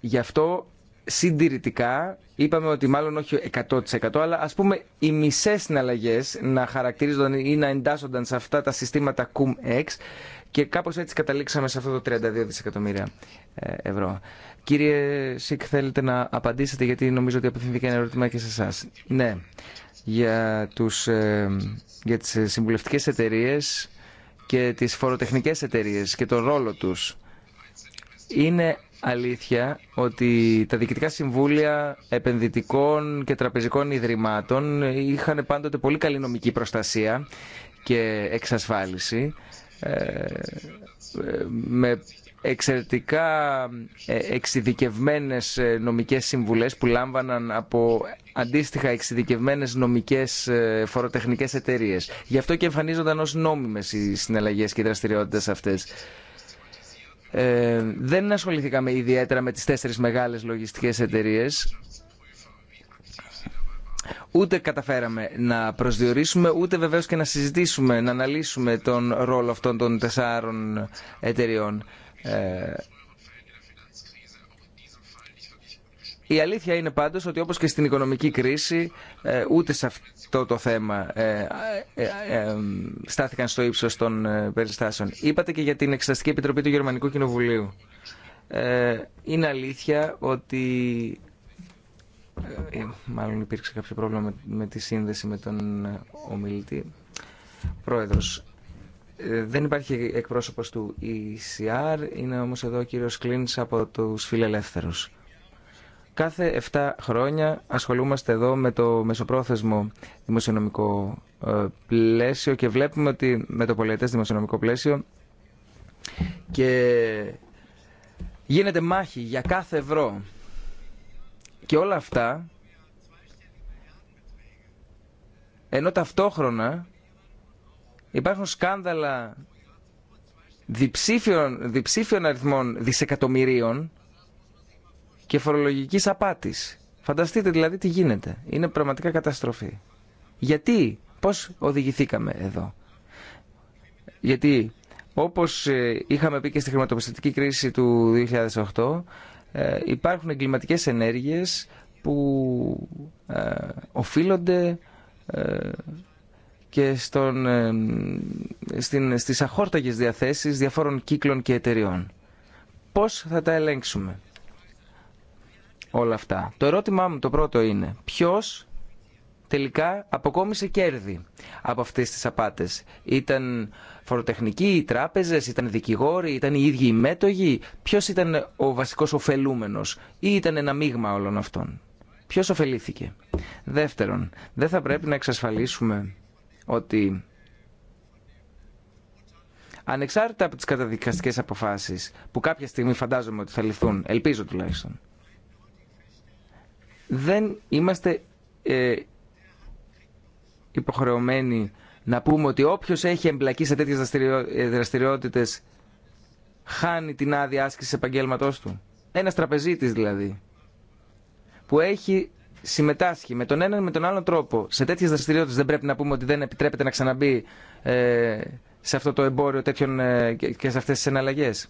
γι' αυτό συντηρητικά είπαμε ότι μάλλον όχι 100% αλλά ας πούμε οι μισές συναλλαγές να χαρακτηρίζονταν ή να εντάσσονταν σε αυτά τα συστήματα CUM-X και κάπως έτσι καταλήξαμε σε αυτό το 32 δισεκατομμύρια ε, ευρώ. Κύριε Σικ, θέλετε να απαντήσετε γιατί νομίζω ότι απευθυνθήκε ένα ερώτημα και σε εσά. Ναι, για, τους, ε, για τις συμβουλευτικές εταιρείε και τις φοροτεχνικές εταιρείε και τον ρόλο τους. Είναι αλήθεια ότι τα διοικητικά συμβούλια επενδυτικών και τραπεζικών ιδρυμάτων είχαν πάντοτε πολύ καλή νομική προστασία και εξασφάλιση ε, με εξαιρετικά ε, εξειδικευμένες ε, νομικές συμβουλές που λάμβαναν από αντίστοιχα εξειδικευμένες νομικές φοροτεχνικές εταιρείες. Γι' αυτό και εμφανίζονταν ως νόμιμες οι συναλλαγές και οι δραστηριότητες αυτές. Ε, δεν ασχοληθήκαμε ιδιαίτερα με τις τέσσερις μεγάλες λογιστικές εταιρείες. Ούτε καταφέραμε να προσδιορίσουμε, ούτε βεβαίως και να συζητήσουμε, να αναλύσουμε τον ρόλο αυτών των τεσσάρων εταιρεών. Ε, Η αλήθεια είναι πάντως ότι όπως και στην οικονομική κρίση ε, ούτε σε αυτό το θέμα ε, ε, στάθηκαν στο ύψος των περιστάσεων. Είπατε και για την Εξεταστική Επιτροπή του Γερμανικού Κοινοβουλίου. Είναι αλήθεια ότι μάλλον υπήρξε κάποιο πρόβλημα με τη σύνδεση με τον ομιλητή. Πρόεδρος, δεν υπάρχει εκπρόσωπος του ECR, είναι όμως εδώ ο κύριος Κλίνς από τους Φιλελεύθερους. Κάθε 7 χρόνια ασχολούμαστε εδώ με το μεσοπρόθεσμο δημοσιονομικό ε, πλαίσιο και βλέπουμε ότι με το πολιετές δημοσιονομικό πλαίσιο και γίνεται μάχη για κάθε ευρώ και όλα αυτά ενώ ταυτόχρονα υπάρχουν σκάνδαλα διψήφιων, διψήφιων αριθμών δισεκατομμυρίων και φορολογική απάτη. Φανταστείτε δηλαδή τι γίνεται. Είναι πραγματικά καταστροφή. Γιατί, πώς οδηγηθήκαμε εδώ. Γιατί όπως ε, είχαμε πει και στη χρηματοπιστωτική κρίση του 2008 ε, υπάρχουν εγκληματικέ ενέργειες που ε, οφείλονται και στον, στην, στις αχόρταγες διαθέσεις διαφόρων κύκλων και εταιριών. Πώς θα τα ελέγξουμε όλα αυτά. Το ερώτημά μου το πρώτο είναι ποιο τελικά αποκόμισε κέρδη από αυτέ τι απάτε. Ήταν φοροτεχνικοί, οι τράπεζες, ήταν δικηγόροι, ήταν οι ίδιοι οι μέτογοι. Ποιο ήταν ο βασικό ωφελούμενο ή ήταν ένα μείγμα όλων αυτών. Ποιο ωφελήθηκε. Δεύτερον, δεν θα πρέπει να εξασφαλίσουμε ότι ανεξάρτητα από τις καταδικαστικές αποφάσεις που κάποια στιγμή φαντάζομαι ότι θα ληφθούν, ελπίζω τουλάχιστον, δεν είμαστε ε, υποχρεωμένοι να πούμε ότι όποιος έχει εμπλακεί σε τέτοιες ε, δραστηριότητες χάνει την άδεια άσκηση επαγγέλματό του. Ένας τραπεζίτης δηλαδή, που έχει συμμετάσχει με τον έναν με τον άλλο τρόπο σε τέτοιες δραστηριότητες, δεν πρέπει να πούμε ότι δεν επιτρέπεται να ξαναμπεί ε, σε αυτό το εμπόριο ε, και σε αυτές τις εναλλαγές.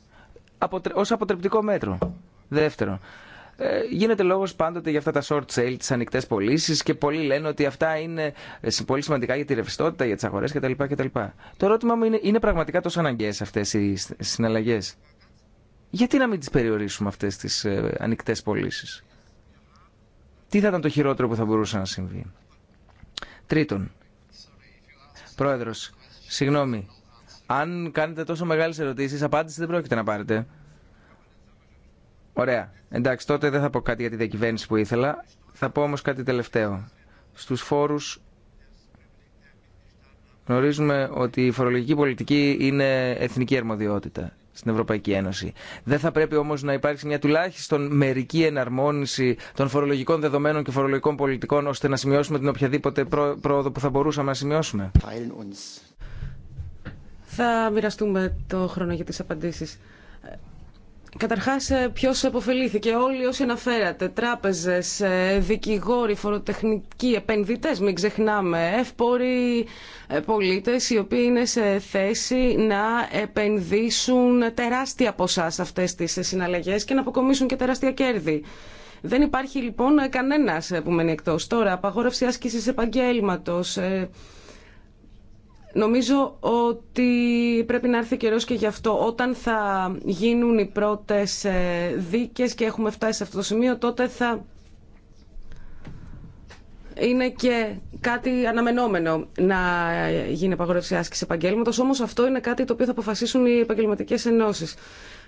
Αποτρε... Ως αποτρεπτικό μέτρο. Δεύτερον, ε, γίνεται λόγο πάντοτε για αυτά τα short sale, τι ανοιχτέ πωλήσει και πολλοί λένε ότι αυτά είναι ε, πολύ σημαντικά για τη ρευστότητα, για τι αγορέ κτλ. Το ερώτημα μου είναι, είναι πραγματικά τόσο αναγκαίε αυτέ οι συναλλαγέ. Γιατί να μην τις περιορίσουμε αυτές τις ε, ανοιχτέ πωλήσει. Τι θα ήταν το χειρότερο που θα μπορούσε να συμβεί. Τρίτον, πρόεδρος, συγγνώμη, αν κάνετε τόσο μεγάλες ερωτήσεις, απάντηση δεν πρόκειται να πάρετε. Ωραία. Εντάξει, τότε δεν θα πω κάτι για τη διακυβέρνηση που ήθελα. Θα πω όμως κάτι τελευταίο. Στους φόρους γνωρίζουμε ότι η φορολογική πολιτική είναι εθνική αρμοδιότητα στην Ευρωπαϊκή Ένωση. Δεν θα πρέπει όμως να υπάρξει μια τουλάχιστον μερική εναρμόνιση των φορολογικών δεδομένων και φορολογικών πολιτικών ώστε να σημειώσουμε την οποιαδήποτε πρόοδο που θα μπορούσαμε να σημειώσουμε. Θα μοιραστούμε το χρόνο για τις απαντήσεις. Καταρχάς, ε, ποιο αποφελήθηκε, όλοι όσοι αναφέρατε, τράπεζες, ε, δικηγόροι, φοροτεχνικοί, επενδυτές, μην ξεχνάμε, εύποροι ε, πολίτε οι οποίοι είναι σε θέση να επενδύσουν τεράστια ποσά σε αυτές τις συναλλαγές και να αποκομίσουν και τεράστια κέρδη. Δεν υπάρχει λοιπόν κανένας που μένει εκτό. Τώρα, απαγόρευση άσκηση επαγγελματο. Νομίζω ότι πρέπει να έρθει καιρός και γι' αυτό. Όταν θα γίνουν οι πρώτες ε, δίκες και έχουμε φτάσει σε αυτό το σημείο, τότε θα είναι και κάτι αναμενόμενο να γίνει απαγόρευση άσκηση επαγγέλματο. Όμω αυτό είναι κάτι το οποίο θα αποφασίσουν οι επαγγελματικέ ενώσει.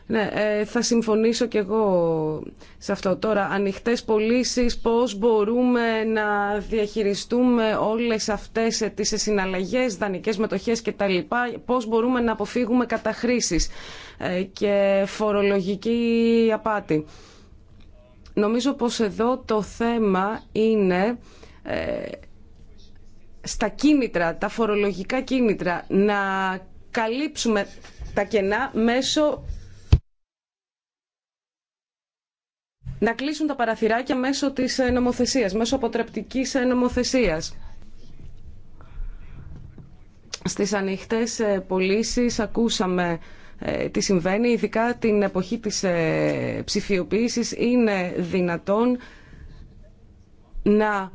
Ναι, ε, θα συμφωνήσω κι εγώ σε αυτό. Τώρα, ανοιχτές πωλήσει, πώς μπορούμε να διαχειριστούμε όλες αυτές ε, τις ε, συναλλαγές, δανεικές μετοχές κτλ. Πώς μπορούμε να αποφύγουμε καταχρήσεις και φορολογική απάτη. Νομίζω πως εδώ το θέμα είναι στα κίνητρα, τα φορολογικά κίνητρα, να καλύψουμε τα κενά μέσω να κλείσουν τα παραθυράκια μέσω της ε, νομοθεσίας, μέσω αποτρεπτικής ε, νομοθεσίας. Στις ανοιχτές ε, πωλήσει ακούσαμε τι συμβαίνει, ειδικά την εποχή της ψηφιοποίησης είναι δυνατόν να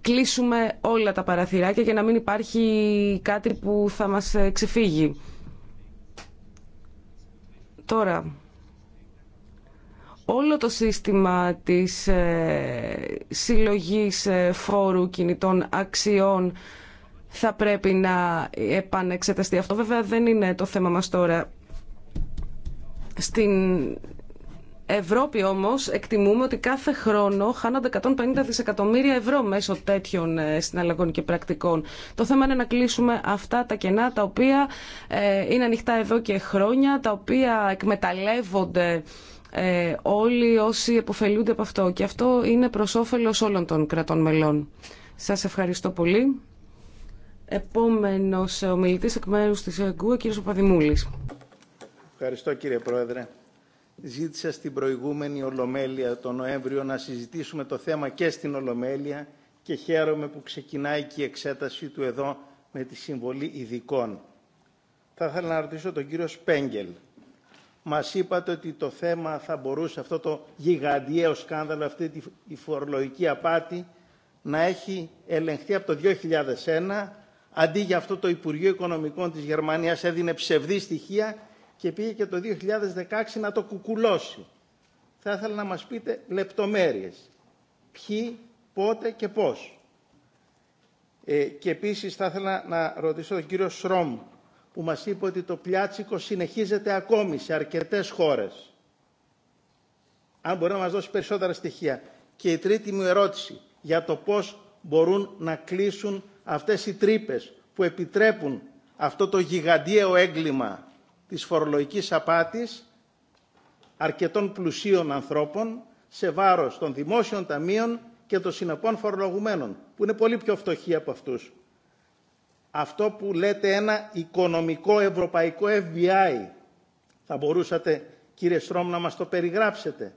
κλείσουμε όλα τα παραθυράκια για να μην υπάρχει κάτι που θα μας ξεφύγει. Τώρα, όλο το σύστημα της ε, συλλογής ε, φόρου κινητών αξιών θα πρέπει να επανεξεταστεί. Αυτό βέβαια δεν είναι το θέμα μας τώρα. Στην Ευρώπη όμως εκτιμούμε ότι κάθε χρόνο χάνονται 150 δισεκατομμύρια ευρώ μέσω τέτοιων ε, συναλλαγών και πρακτικών. Το θέμα είναι να κλείσουμε αυτά τα κενά τα οποία είναι ανοιχτά εδώ και χρόνια, τα οποία εκμεταλλεύονται ε, όλοι όσοι επωφελούνται από αυτό. Και αυτό είναι προς όφελος όλων των κρατών μελών. Σας ευχαριστώ πολύ. Επόμενος ομιλητής εκ μέρους της ΕΚΟΥ, ο κύριος Παδημούλης Ευχαριστώ κύριε Πρόεδρε. Ζήτησα στην προηγούμενη Ολομέλεια τον Νοέμβριο να συζητήσουμε το θέμα και στην Ολομέλεια και χαίρομαι που ξεκινάει και η εξέταση του εδώ με τη συμβολή ειδικών. Θα ήθελα να ρωτήσω τον κύριο Σπέγγελ μας είπατε ότι το θέμα θα μπορούσε αυτό το γιγαντιαίο σκάνδαλο, αυτή τη φορολογική απάτη, να έχει ελεγχθεί από το 2001, αντί για αυτό το Υπουργείο Οικονομικών της Γερμανίας έδινε ψευδή στοιχεία και πήγε και το 2016 να το κουκουλώσει. Θα ήθελα να μας πείτε λεπτομέρειες. Ποιοι, πότε και πώς. Ε, και επίσης θα ήθελα να ρωτήσω τον κύριο Σρόμ που μας είπε ότι το πλιάτσικο συνεχίζεται ακόμη σε αρκετές χώρες. Αν μπορεί να μας δώσει περισσότερα στοιχεία. Και η τρίτη μου ερώτηση για το πώς μπορούν να κλείσουν αυτές οι τρύπε που επιτρέπουν αυτό το γιγαντιαίο έγκλημα της φορολογικής απάτης αρκετών πλουσίων ανθρώπων σε βάρος των δημόσιων ταμείων και των συνεπών φορολογουμένων, που είναι πολύ πιο φτωχοί από αυτούς αυτό που λέτε ένα οικονομικό ευρωπαϊκό FBI. Θα μπορούσατε κύριε Στρόμ να μας το περιγράψετε.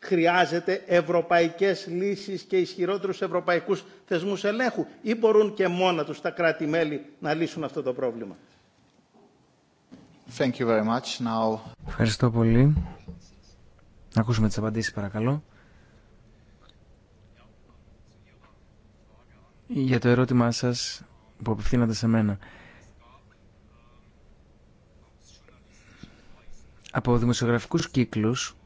Χρειάζεται ευρωπαϊκές λύσεις και ισχυρότερους ευρωπαϊκούς θεσμούς ελέγχου ή μπορούν και μόνα τους τα κράτη-μέλη να λύσουν αυτό το πρόβλημα. Thank you very much. Ευχαριστώ πολύ. Να ακούσουμε τις απαντήσεις παρακαλώ. Για το ερώτημά σας που απευθύνονται σε μένα. Από δημοσιογραφικούς κύκλους,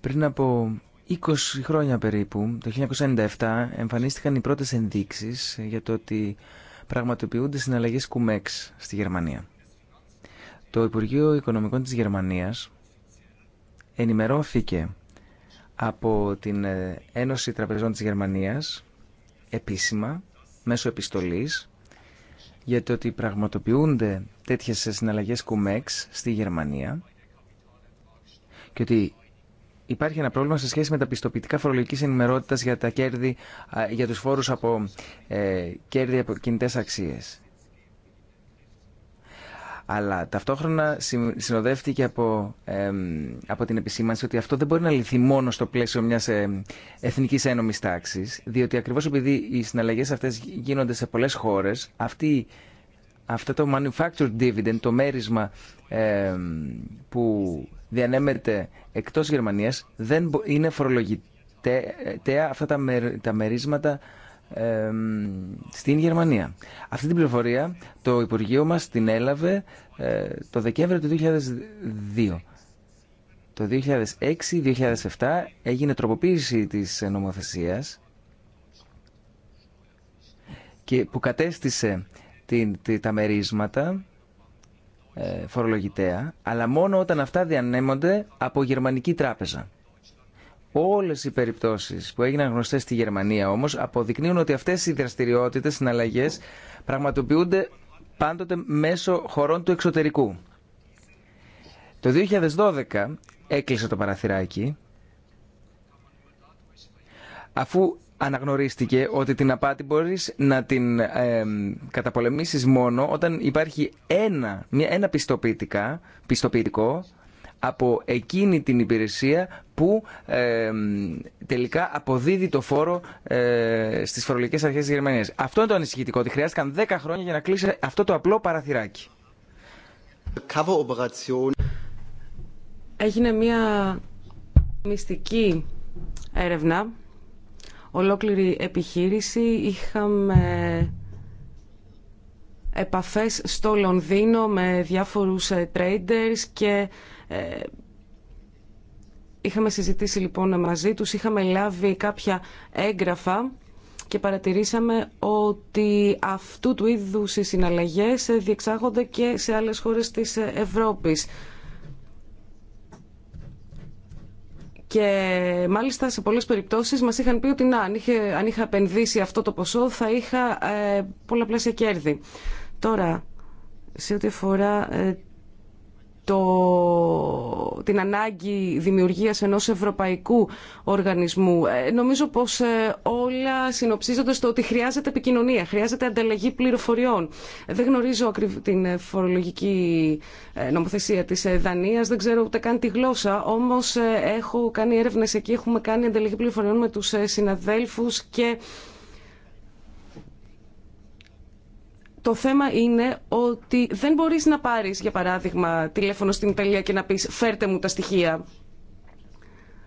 πριν από 20 χρόνια περίπου, το 1997, εμφανίστηκαν οι πρώτες ενδείξεις για το ότι πραγματοποιούνται συναλλαγές κουμέξ στη Γερμανία. Το Υπουργείο Οικονομικών της Γερμανίας ενημερώθηκε από την ε, Ένωση Τραπεζών της Γερμανίας επίσημα, μέσω επιστολής, για το ότι πραγματοποιούνται τέτοιες συναλλαγές κουμέξ στη Γερμανία και ότι υπάρχει ένα πρόβλημα σε σχέση με τα πιστοποιητικά φορολογικής ενημερότητας για, τα κέρδη, για τους φόρους από ε, κέρδη από κινητές αξίες αλλά ταυτόχρονα συνοδεύτηκε από, από την επισήμανση ότι αυτό δεν μπορεί να λυθεί μόνο στο πλαίσιο μια ε, εθνική ένωμη τάξη, διότι ακριβώ επειδή οι συναλλαγέ αυτέ γίνονται σε πολλέ χώρε, αυτό το manufactured dividend, το μέρισμα που διανέμεται εκτός Γερμανίας, δεν είναι φορολογητέα ε, αυτά τα, τα μερίσματα στην Γερμανία. Αυτή την πληροφορία το Υπουργείο μας την έλαβε ε, το Δεκέμβριο του 2002. Το 2006-2007 έγινε τροποποίηση της νομοθεσίας και που κατέστησε την, τα μερίσματα ε, φορολογητέα, αλλά μόνο όταν αυτά διανέμονται από γερμανική τράπεζα. Όλες οι περιπτώσεις που έγιναν γνωστές στη Γερμανία όμως αποδεικνύουν ότι αυτές οι δραστηριότητες, συναλλαγές πραγματοποιούνται πάντοτε μέσω χωρών του εξωτερικού. Το 2012 έκλεισε το παραθυράκι αφού αναγνωρίστηκε ότι την απάτη μπορείς να την ε, καταπολεμήσεις μόνο όταν υπάρχει ένα, πιστοποιητικό από εκείνη την υπηρεσία που ε, τελικά αποδίδει το φόρο ε, στις φορολογικές αρχές της Γερμανίας. Αυτό είναι το ανησυχητικό, ότι χρειάστηκαν 10 χρόνια για να κλείσει αυτό το απλό παραθυράκι. Έγινε μια μυστική έρευνα, ολόκληρη επιχείρηση. Είχαμε επαφές στο Λονδίνο με διάφορους ε, traders και ε, είχαμε συζητήσει λοιπόν μαζί τους, είχαμε λάβει κάποια έγγραφα και παρατηρήσαμε ότι αυτού του είδους οι συναλλαγές διεξάγονται και σε άλλες χώρες της Ευρώπης. Και μάλιστα σε πολλές περιπτώσεις μας είχαν πει ότι να, αν, είχε, αν είχα επενδύσει αυτό το ποσό θα είχα ε, πολλαπλάσια κέρδη. Τώρα, σε ό,τι αφορά ε, το, την ανάγκη δημιουργίας ενός ευρωπαϊκού οργανισμού. Ε, νομίζω πως ε, όλα συνοψίζονται στο ότι χρειάζεται επικοινωνία, χρειάζεται ανταλλαγή πληροφοριών. Δεν γνωρίζω την φορολογική ε, νομοθεσία της Δανίας, δεν ξέρω ούτε καν τη γλώσσα, όμως έχω κάνει έρευνες εκεί, έχουμε κάνει ανταλλαγή πληροφοριών με τους συναδέλφους και Το θέμα είναι ότι δεν μπορεί να πάρει, για παράδειγμα, τηλέφωνο στην Ιταλία και να πεις «φέρτε μου τα στοιχεία».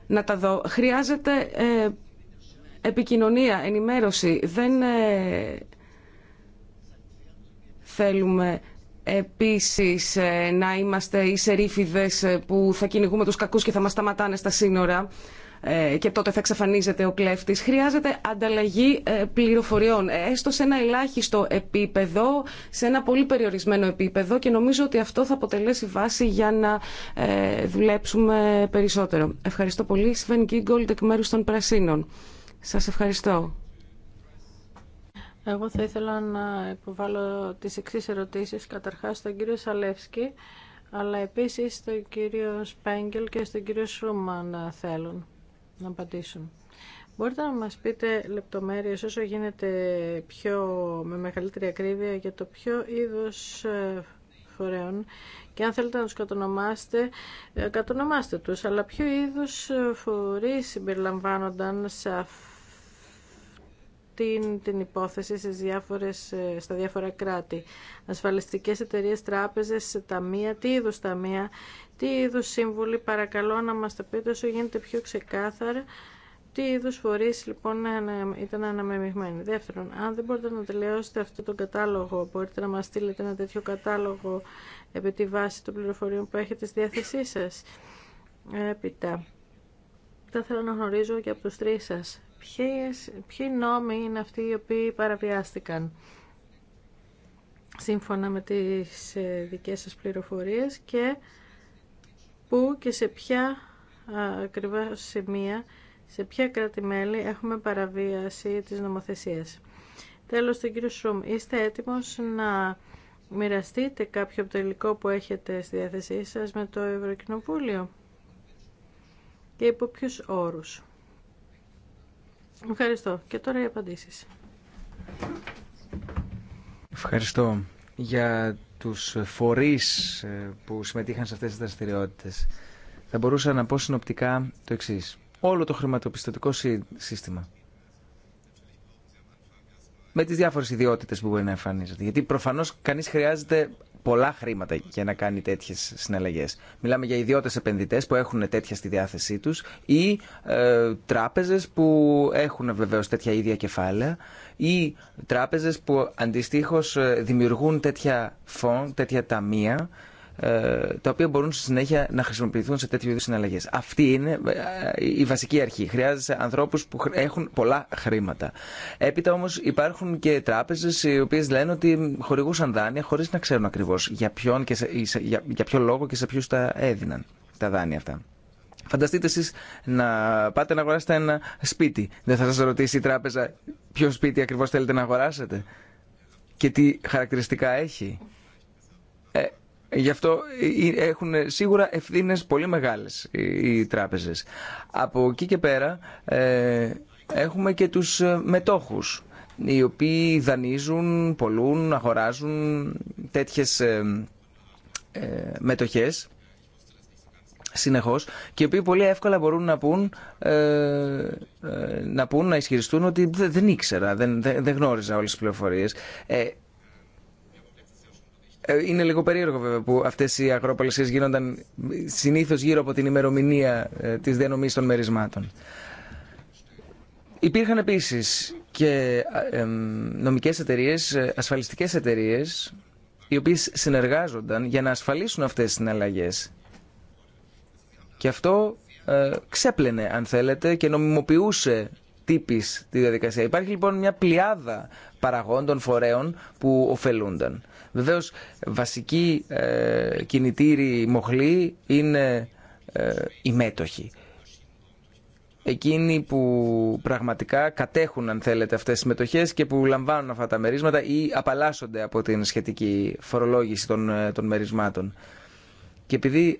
Να τα δω. Χρειάζεται ε, επικοινωνία, ενημέρωση. Δεν ε, θέλουμε επίσης ε, να είμαστε οι σερίφιδες που θα κυνηγούμε τους κακούς και θα μας σταματάνε στα σύνορα. Ε, και τότε θα εξαφανίζεται ο κλέφτη. Χρειάζεται ανταλλαγή ε, πληροφοριών, ε, έστω σε ένα ελάχιστο επίπεδο, σε ένα πολύ περιορισμένο επίπεδο και νομίζω ότι αυτό θα αποτελέσει βάση για να δουλέψουμε περισσότερο. Ευχαριστώ πολύ. Σβέν Γκίγκολτ εκ μέρου των Πρασίνων. Σα ευχαριστώ. Εγώ θα ήθελα να υποβάλω τις εξής ερωτήσεις, καταρχάς στον κύριο Σαλεύσκη, αλλά επίσης στον κύριο Σπέγγελ και στον κύριο να θέλουν να απαντήσουν. Μπορείτε να μας πείτε λεπτομέρειες όσο γίνεται πιο, με μεγαλύτερη ακρίβεια για το ποιο είδος ε, φορέων και αν θέλετε να τους κατονομάσετε, ε, κατονομάστε τους, αλλά ποιο είδους ε, φορείς συμπεριλαμβάνονταν σε αυτό την την υπόθεση σε διάφορες, ε, στα διάφορα κράτη. Ασφαλιστικές εταιρείες, τράπεζες, ταμεία, τι είδου ταμεία, τι είδου σύμβουλοι, παρακαλώ να μας τα πείτε όσο γίνεται πιο ξεκάθαρα. Τι είδου φορεί λοιπόν ήταν αναμεμειγμένοι. Δεύτερον, αν δεν μπορείτε να τελειώσετε αυτό τον κατάλογο, μπορείτε να μα στείλετε ένα τέτοιο κατάλογο επί τη βάση των πληροφοριών που έχετε στη διάθεσή σα. Έπειτα, θα ήθελα να γνωρίζω και από τους τρεις σας ποιες, ποιοι νόμοι είναι αυτοί οι οποίοι παραβιάστηκαν σύμφωνα με τις ε, δικές σας πληροφορίες και πού και σε ποια ακριβώς σημεία, σε ποια κρατη έχουμε παραβίαση της νομοθεσίας. Τέλος, τον κύριο Σουμ, είστε έτοιμος να μοιραστείτε κάποιο από το υλικό που έχετε στη διάθεσή σας με το Ευρωκοινοβούλιο και υπό ποιους όρους. Ευχαριστώ. Και τώρα οι απαντήσει. Ευχαριστώ για τους φορείς ε, που συμμετείχαν σε αυτές τις δραστηριότητε. Θα μπορούσα να πω συνοπτικά το εξή. Όλο το χρηματοπιστωτικό σύστημα με τις διάφορες ιδιότητες που μπορεί να εμφανίζεται. Γιατί προφανώς κανείς χρειάζεται πολλά χρήματα για να κάνει τέτοιε συναλλαγέ. Μιλάμε για ιδιώτε επενδυτέ που έχουν τέτοια στη διάθεσή του ή ε, τράπεζε που έχουν βεβαίω τέτοια ίδια κεφάλαια ή τράπεζε που αντιστοίχω ε, δημιουργούν τέτοια φόν, τέτοια ταμεία ε, τα οποία μπορούν στη συνέχεια να χρησιμοποιηθούν σε τέτοιου είδου συναλλαγέ. Αυτή είναι ε, η βασική αρχή. Χρειάζεσαι ανθρώπου που έχουν πολλά χρήματα. Έπειτα όμω υπάρχουν και τράπεζε οι οποίε λένε ότι χορηγούσαν δάνεια χωρί να ξέρουν ακριβώ για, ποιον και για, για ποιο λόγο και σε ποιου τα έδιναν τα δάνεια αυτά. Φανταστείτε εσεί να πάτε να αγοράσετε ένα σπίτι. Δεν θα σα ρωτήσει η τράπεζα ποιο σπίτι ακριβώ θέλετε να αγοράσετε και τι χαρακτηριστικά έχει. Ε, Γι' αυτό ε, ε, έχουν σίγουρα ευθύνε πολύ μεγάλε οι τράπεζε. Από εκεί και πέρα ε, έχουμε και του μετόχου οι οποίοι δανείζουν, πολλούν, αγοράζουν τέτοιες ε, μετοχές συνεχώς και οι οποίοι πολύ εύκολα μπορούν να πούν, ε, να, πούν να ισχυριστούν ότι δεν, ήξερα, δεν, δεν, δεν γνώριζα όλες τις πληροφορίες. Ε, είναι λίγο περίεργο βέβαια που αυτές οι αγροπολισίες γίνονταν συνήθως γύρω από την ημερομηνία ε, της διανομή των μερισμάτων. Υπήρχαν επίσης και ε, νομικές εταιρείε, ασφαλιστικές εταιρείε, οι οποίες συνεργάζονταν για να ασφαλίσουν αυτές τις συναλλαγές. Και αυτό ε, ξέπλαινε, αν θέλετε, και νομιμοποιούσε τύπης τη διαδικασία. Υπάρχει λοιπόν μια πλειάδα παραγόντων φορέων που ωφελούνταν. Βεβαίω, βασική ε, κινητήρη μοχλή είναι ε, οι μέτοχοι. Εκείνοι που πραγματικά κατέχουν, αν θέλετε, αυτές τις μετοχές και που λαμβάνουν αυτά τα μερίσματα ή απαλλάσσονται από την σχετική φορολόγηση των, ε, των μερισμάτων. Και επειδή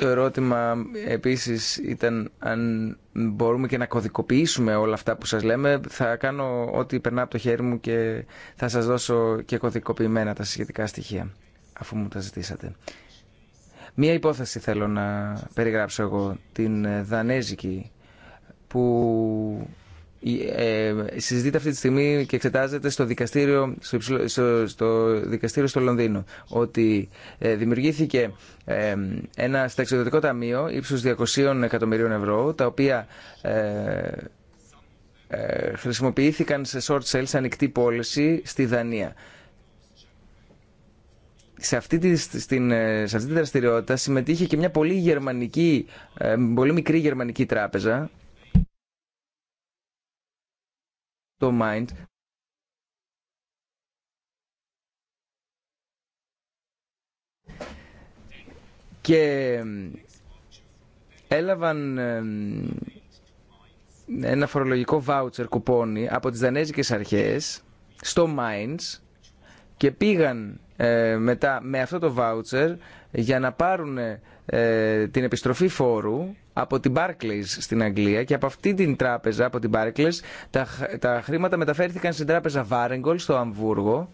το ερώτημα επίσης ήταν αν μπορούμε και να κωδικοποιήσουμε όλα αυτά που σας λέμε. Θα κάνω ό,τι περνά από το χέρι μου και θα σας δώσω και κωδικοποιημένα τα σχετικά στοιχεία, αφού μου τα ζητήσατε. Μία υπόθεση θέλω να περιγράψω εγώ, την Δανέζικη, που ε, συζητείται αυτή τη στιγμή και εξετάζεται στο δικαστήριο στο, στο, δικαστήριο στο Λονδίνο ότι ε, δημιουργήθηκε ε, ένα σταξιδοτικό ταμείο ύψους 200 εκατομμυρίων ευρώ τα οποία χρησιμοποιήθηκαν σε short sales ανοιχτή πώληση στη Δανία. Σε αυτή, τη, στην, σε αυτή δραστηριότητα συμμετείχε και μια πολύ, γερμανική, πολύ μικρή γερμανική τράπεζα το Mind και έλαβαν ένα φορολογικό βάουτσερ κουπόνι από τις δανέζικες αρχές στο ΜΑΙΝΤ και πήγαν ε, μετά με αυτό το βάουτσερ για να πάρουν ε, την επιστροφή φόρου από την Barclays στην Αγγλία και από αυτή την τράπεζα, από την Barclays, τα, τα χρήματα μεταφέρθηκαν στην τράπεζα Βάρεγκολ στο Αμβούργο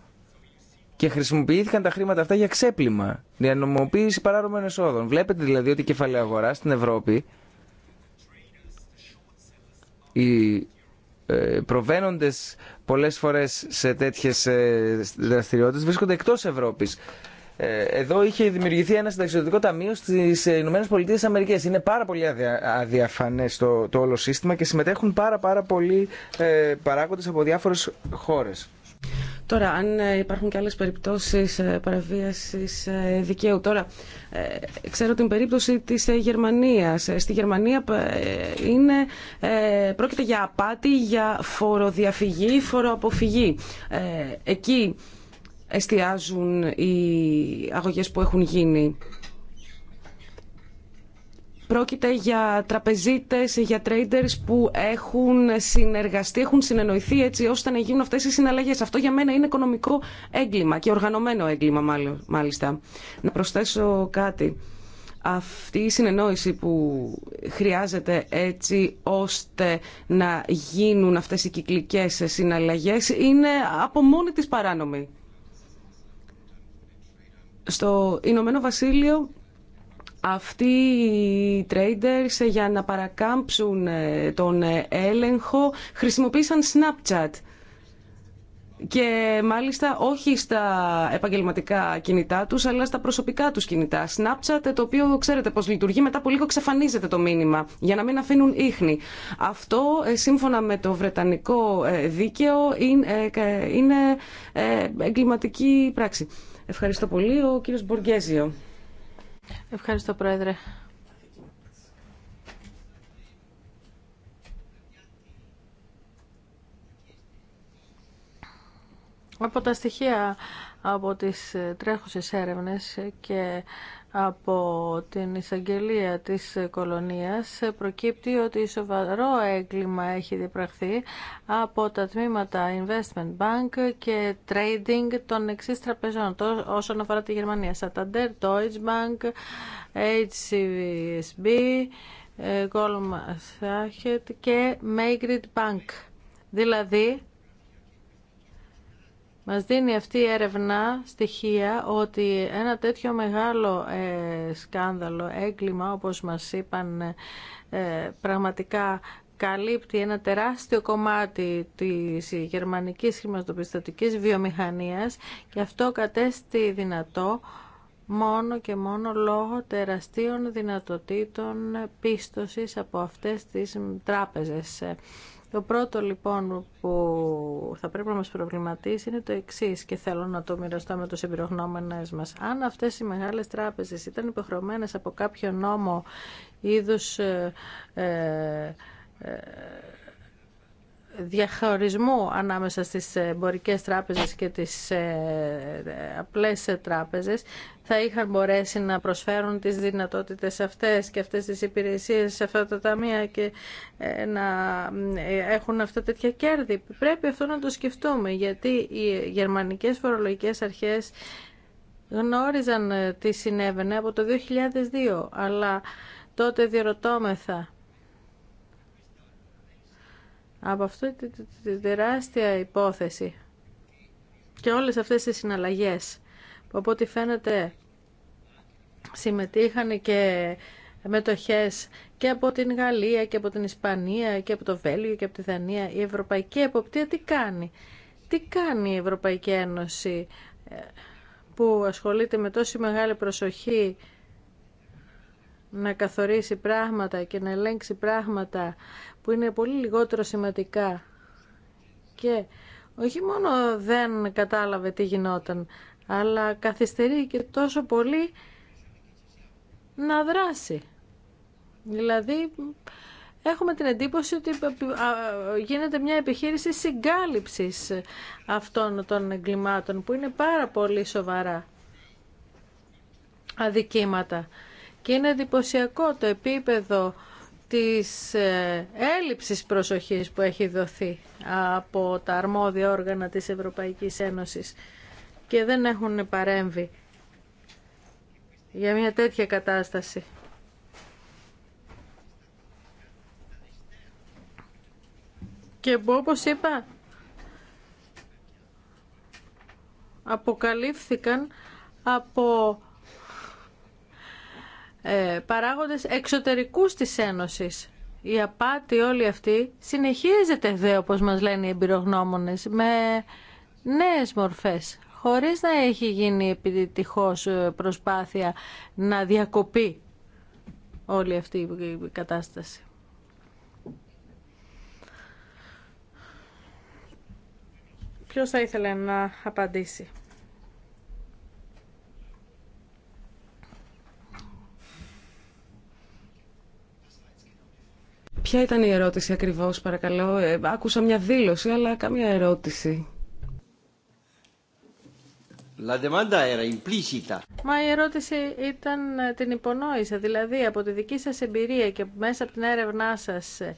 και χρησιμοποιήθηκαν τα χρήματα αυτά για ξέπλυμα, για νομοποίηση παράνομων εσόδων. Βλέπετε δηλαδή ότι η κεφαλαία αγορά στην Ευρώπη οι ε, προβαίνοντες πολλές φορές σε τέτοιες ε, δραστηριότητες βρίσκονται εκτός Ευρώπης. Ε, εδώ είχε δημιουργηθεί ένα συνταξιδοτικό ταμείο στι ε, ΗΠΑ. Είναι πάρα πολύ αδιαφανέ το, το όλο σύστημα και συμμετέχουν πάρα, πάρα πολλοί ε, παράγοντε από διάφορε χώρε. Τώρα, αν ε, υπάρχουν και άλλε περιπτώσεις παραβίασης δικαίου. Τώρα, ξέρω την περίπτωση της Γερμανίας. Στη Γερμανία είναι, πρόκειται για απάτη, για φοροδιαφυγή, φοροαποφυγή. Εκεί εστιάζουν οι αγωγές που έχουν γίνει. Πρόκειται για τραπεζίτες, για traders που έχουν συνεργαστεί, έχουν συνεννοηθεί έτσι ώστε να γίνουν αυτές οι συναλλαγές. Αυτό για μένα είναι οικονομικό έγκλημα και οργανωμένο έγκλημα μάλιστα. Να προσθέσω κάτι. Αυτή η συνεννόηση που χρειάζεται έτσι ώστε να γίνουν αυτές οι κυκλικές συναλλαγές είναι από μόνη της παράνομη. Στο Ηνωμένο Βασίλειο αυτοί οι traders ε, για να παρακάμψουν ε, τον ε, έλεγχο χρησιμοποίησαν Snapchat και μάλιστα όχι στα επαγγελματικά κινητά τους αλλά στα προσωπικά τους κινητά. Snapchat το οποίο ξέρετε πώς λειτουργεί μετά από λίγο ξεφανίζεται το μήνυμα για να μην αφήνουν ίχνη. Αυτό σύμφωνα με το βρετανικό δίκαιο είναι εγκληματική πράξη. Ευχαριστώ πολύ. Ο κύριος Μποργέζιο. Ευχαριστώ, Πρόεδρε. Από τα στοιχεία από τις τρέχουσες έρευνες και από την εισαγγελία της κολονίας προκύπτει ότι σοβαρό έγκλημα έχει διαπραχθεί από τα τμήματα Investment Bank και Trading των εξή τραπεζών όσον αφορά τη Γερμανία. Σαταντέρ, Deutsche Bank, HCSB, ε, Goldman Sachs και Maygrid Bank. Δηλαδή, μας δίνει αυτή η έρευνα στοιχεία ότι ένα τέτοιο μεγάλο ε, σκάνδαλο, έγκλημα όπως μας είπαν ε, πραγματικά καλύπτει ένα τεράστιο κομμάτι της γερμανικής χρηματοπιστωτικής βιομηχανίας και αυτό κατέστη δυνατό μόνο και μόνο λόγω τεραστίων δυνατοτήτων πίστοσης από αυτές τις τράπεζες. Το πρώτο λοιπόν που θα πρέπει να μας προβληματίσει είναι το εξή και θέλω να το μοιραστώ με τους εμπειρογνώμενες μας. Αν αυτές οι μεγάλες τράπεζες ήταν υποχρεωμένες από κάποιο νόμο είδους ε, ε διαχωρισμού ανάμεσα στις εμπορικές τράπεζες και τις ε, απλές τράπεζες θα είχαν μπορέσει να προσφέρουν τις δυνατότητες αυτές και αυτές τις υπηρεσίες σε αυτά τα ταμεία και ε, να ε, έχουν αυτά τέτοια κέρδη. Πρέπει αυτό να το σκεφτούμε γιατί οι γερμανικές φορολογικές αρχές γνώριζαν τι συνέβαινε από το 2002 αλλά τότε διερωτώμεθα από αυτή τη τεράστια υπόθεση και όλες αυτές τις συναλλαγές που από ό,τι φαίνεται συμμετείχαν και μετοχές και από την Γαλλία και από την Ισπανία και από το Βέλγιο και από τη Δανία η Ευρωπαϊκή Εποπτεία τι κάνει τι κάνει η Ευρωπαϊκή Ένωση ε, που ασχολείται με τόση μεγάλη προσοχή να καθορίσει πράγματα και να ελέγξει πράγματα που είναι πολύ λιγότερο σημαντικά και όχι μόνο δεν κατάλαβε τι γινόταν, αλλά καθυστερεί και τόσο πολύ να δράσει. Δηλαδή, έχουμε την εντύπωση ότι γίνεται μια επιχείρηση συγκάλυψης αυτών των εγκλημάτων, που είναι πάρα πολύ σοβαρά αδικήματα. Και είναι εντυπωσιακό το επίπεδο της ε, έλλειψης προσοχής που έχει δοθεί από τα αρμόδια όργανα της Ευρωπαϊκής Ένωσης και δεν έχουν παρέμβει για μια τέτοια κατάσταση. Και όπως είπα, αποκαλύφθηκαν από ε, παράγοντες εξωτερικούς της Ένωσης. Η απάτη όλη αυτή συνεχίζεται δε, όπως μας λένε οι εμπειρογνώμονες, με νέες μορφές, χωρίς να έχει γίνει επιτυχώς ε, προσπάθεια να διακοπεί όλη αυτή η κατάσταση. Ποιος θα ήθελε να απαντήσει. Ποια ήταν η ερώτηση ακριβώς, παρακαλώ. Ε, άκουσα μια δήλωση, αλλά καμία ερώτηση. La demanda era implicita. Μα η ερώτηση ήταν ε, την υπονόησα, δηλαδή από τη δική σας εμπειρία και μέσα από την έρευνά σας, ε,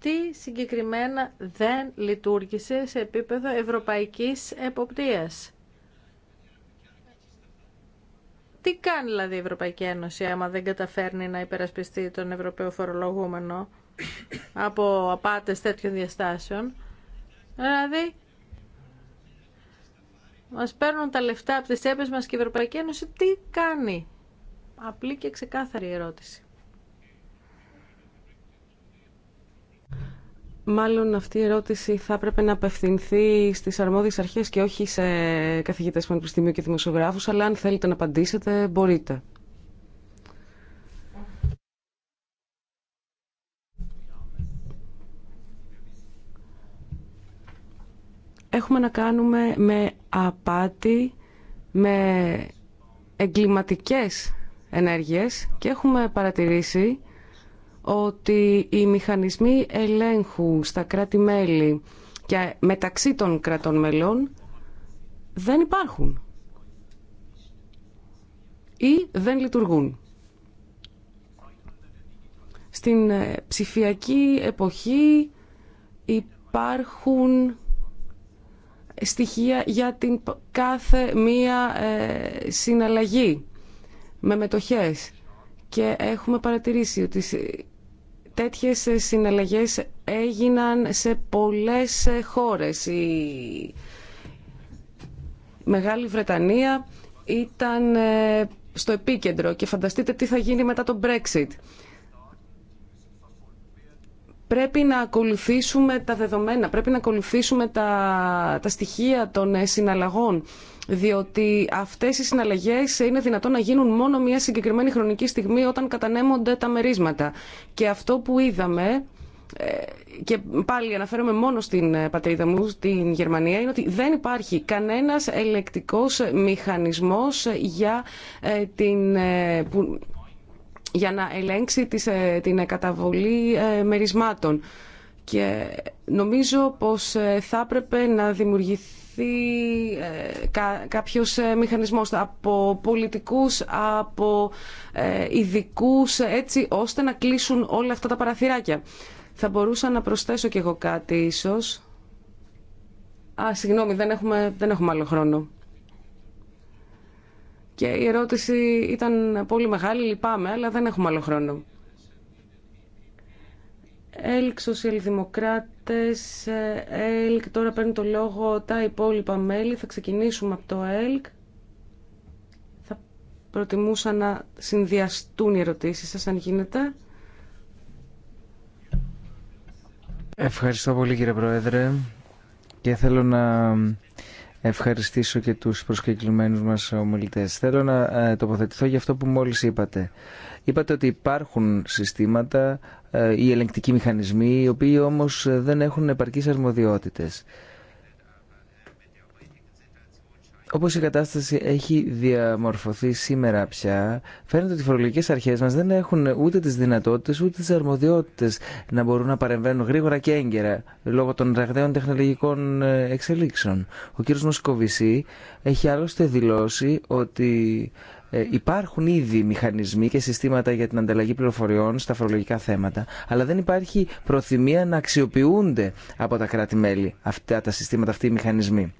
τι συγκεκριμένα δεν λειτουργήσε σε επίπεδο ευρωπαϊκής εποπτείας. Τι κάνει δηλαδή η Ευρωπαϊκή Ένωση άμα δεν καταφέρνει να υπερασπιστεί τον Ευρωπαίο φορολογούμενο από απάτες τέτοιων διαστάσεων. Δηλαδή, μας παίρνουν τα λεφτά από τις τσέπες μας και η Ευρωπαϊκή Ένωση τι κάνει. Απλή και ξεκάθαρη ερώτηση. Μάλλον αυτή η ερώτηση θα έπρεπε να απευθυνθεί στις αρμόδιες αρχές και όχι σε καθηγητές πανεπιστημίου και δημοσιογράφου, αλλά αν θέλετε να απαντήσετε μπορείτε. Έχουμε να κάνουμε με απάτη, με εγκληματικές ενέργειες και έχουμε παρατηρήσει ότι οι μηχανισμοί ελέγχου στα κράτη-μέλη και μεταξύ των κρατών μελών δεν υπάρχουν ή δεν λειτουργούν. Στην ε, ψηφιακή εποχή υπάρχουν στοιχεία για την κάθε μία ε, συναλλαγή με μετοχές και έχουμε παρατηρήσει ότι τέτοιες συναλλαγές έγιναν σε πολλές χώρες. Η Μεγάλη Βρετανία ήταν ε, στο επίκεντρο και φανταστείτε τι θα γίνει μετά το Brexit. Πρέπει να ακολουθήσουμε τα δεδομένα, πρέπει να ακολουθήσουμε τα, τα στοιχεία των ε, συναλλαγών διότι αυτές οι συναλλαγές είναι δυνατόν να γίνουν μόνο μια συγκεκριμένη χρονική στιγμή όταν κατανέμονται τα μερίσματα. Και αυτό που είδαμε ε, και πάλι αναφέρομαι μόνο στην ε, πατρίδα μου, στην Γερμανία, είναι ότι δεν υπάρχει κανένας ελεκτικός μηχανισμός για, ε, την, για να ελέγξει τις, την καταβολή μερισμάτων. Και νομίζω πως θα έπρεπε να δημιουργηθεί ε, κα, κάποιος ε, μηχανισμός από πολιτικούς, από ε, ειδικού, έτσι ώστε να κλείσουν όλα αυτά τα παραθυράκια. Θα μπορούσα να προσθέσω κι εγώ κάτι ίσως. Α, συγγνώμη, δεν έχουμε, δεν έχουμε άλλο χρόνο. Και η ερώτηση ήταν πολύ μεγάλη, λυπάμαι, αλλά δεν έχουμε άλλο χρόνο. ΕΛΚ, Σοσιαλδημοκράτες, ΕΛΚ, τώρα παίρνει το λόγο τα υπόλοιπα μέλη. Θα ξεκινήσουμε από το ΕΛΚ. Θα προτιμούσα να συνδυαστούν οι ερωτήσεις σας, αν γίνεται. Ευχαριστώ πολύ κύριε Πρόεδρε και θέλω να ευχαριστήσω και τους προσκεκλημένους μας ομιλητές. Θέλω να ε, τοποθετηθώ για αυτό που μόλις είπατε. Είπατε ότι υπάρχουν συστήματα ή ε, ελεγκτικοί μηχανισμοί, οι οποίοι όμως ε, δεν έχουν επαρκείς αρμοδιότητες. Όπω η κατάσταση έχει διαμορφωθεί σήμερα πια, φαίνεται ότι οι φορολογικέ αρχέ μα δεν έχουν ούτε τι δυνατότητε ούτε τι αρμοδιότητε να μπορούν να παρεμβαίνουν γρήγορα και έγκαιρα λόγω των ραγδαίων τεχνολογικών ε, εξελίξεων. Ο κ. Μοσκοβισή έχει άλλωστε δηλώσει ότι ε, υπάρχουν ήδη μηχανισμοί και συστήματα για την ανταλλαγή πληροφοριών στα φορολογικά θέματα, αλλά δεν υπάρχει προθυμία να αξιοποιούνται από τα κράτη-μέλη αυτά τα συστήματα, αυτοί οι μηχανισμοί.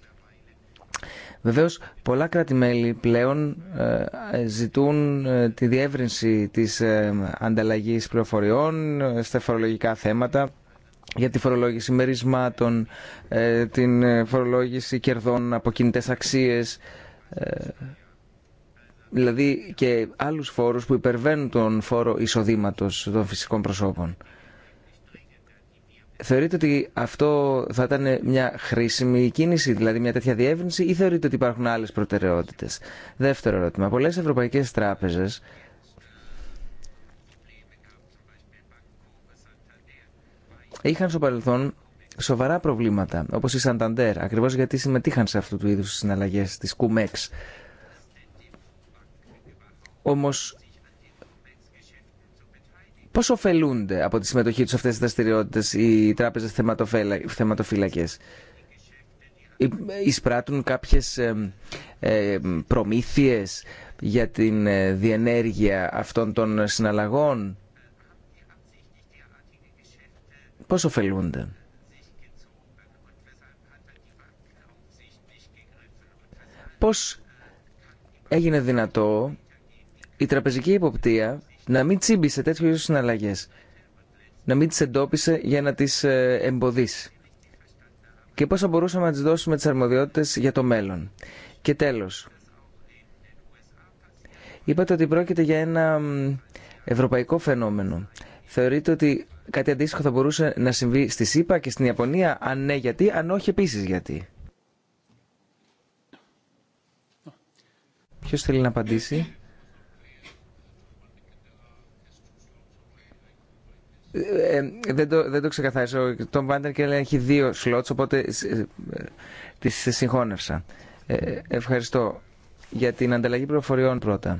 Βεβαίως, πολλά κράτη-μέλη πλέον ε, ζητούν ε, τη διεύρυνση της ε, ανταλλαγής πληροφοριών στα φορολογικά θέματα για τη φορολόγηση μερισμάτων, την φορολόγηση κερδών από κινητές αξίες, δηλαδή και άλλους φόρους που υπερβαίνουν τον φόρο εισοδήματος των φυσικών προσώπων. Θεωρείτε ότι αυτό θα ήταν μια χρήσιμη κίνηση, δηλαδή μια τέτοια διεύρυνση, ή θεωρείτε ότι υπάρχουν άλλες προτεραιότητες. Δεύτερο ερώτημα. Πολλές ευρωπαϊκές τράπεζες είχαν στο παρελθόν σοβαρά προβλήματα, όπως η Σανταντέρ, ερωτημα πολλες ευρωπαικες τράπεζε. ειχαν γιατί συμμετείχαν σε αυτού του είδους συναλλαγές της Κουμέξ. Όμως Πώ ωφελούνται από τη συμμετοχή του σε αυτές τις δραστηριότητε οι τράπεζες θεματοφύλακες. Ε, εισπράττουν κάποιες ε, ε, προμήθειε για την διενέργεια αυτών των συναλλαγών. πώ ωφελούνται. Πώς έγινε δυνατό η τραπεζική υποπτία να μην τσίμπησε τέτοιου είδου συναλλαγέ. Να μην τι εντόπισε για να τι ε, εμποδίσει. Και πώ θα μπορούσαμε να τι δώσουμε τι αρμοδιότητε για το μέλλον. Και τέλο. Είπατε ότι πρόκειται για ένα ευρωπαϊκό φαινόμενο. Θεωρείτε ότι κάτι αντίστοιχο θα μπορούσε να συμβεί στη ΣΥΠΑ και στην Ιαπωνία, αν ναι γιατί, αν όχι επίση γιατί. Ποιος θέλει να απαντήσει. Ε, δεν, το, δεν το ξεκαθάρισα. Ο Τόμ έχει δύο σλότ, οπότε ε, τις συγχώνευσα. Ε, ευχαριστώ για την ανταλλαγή πληροφοριών πρώτα.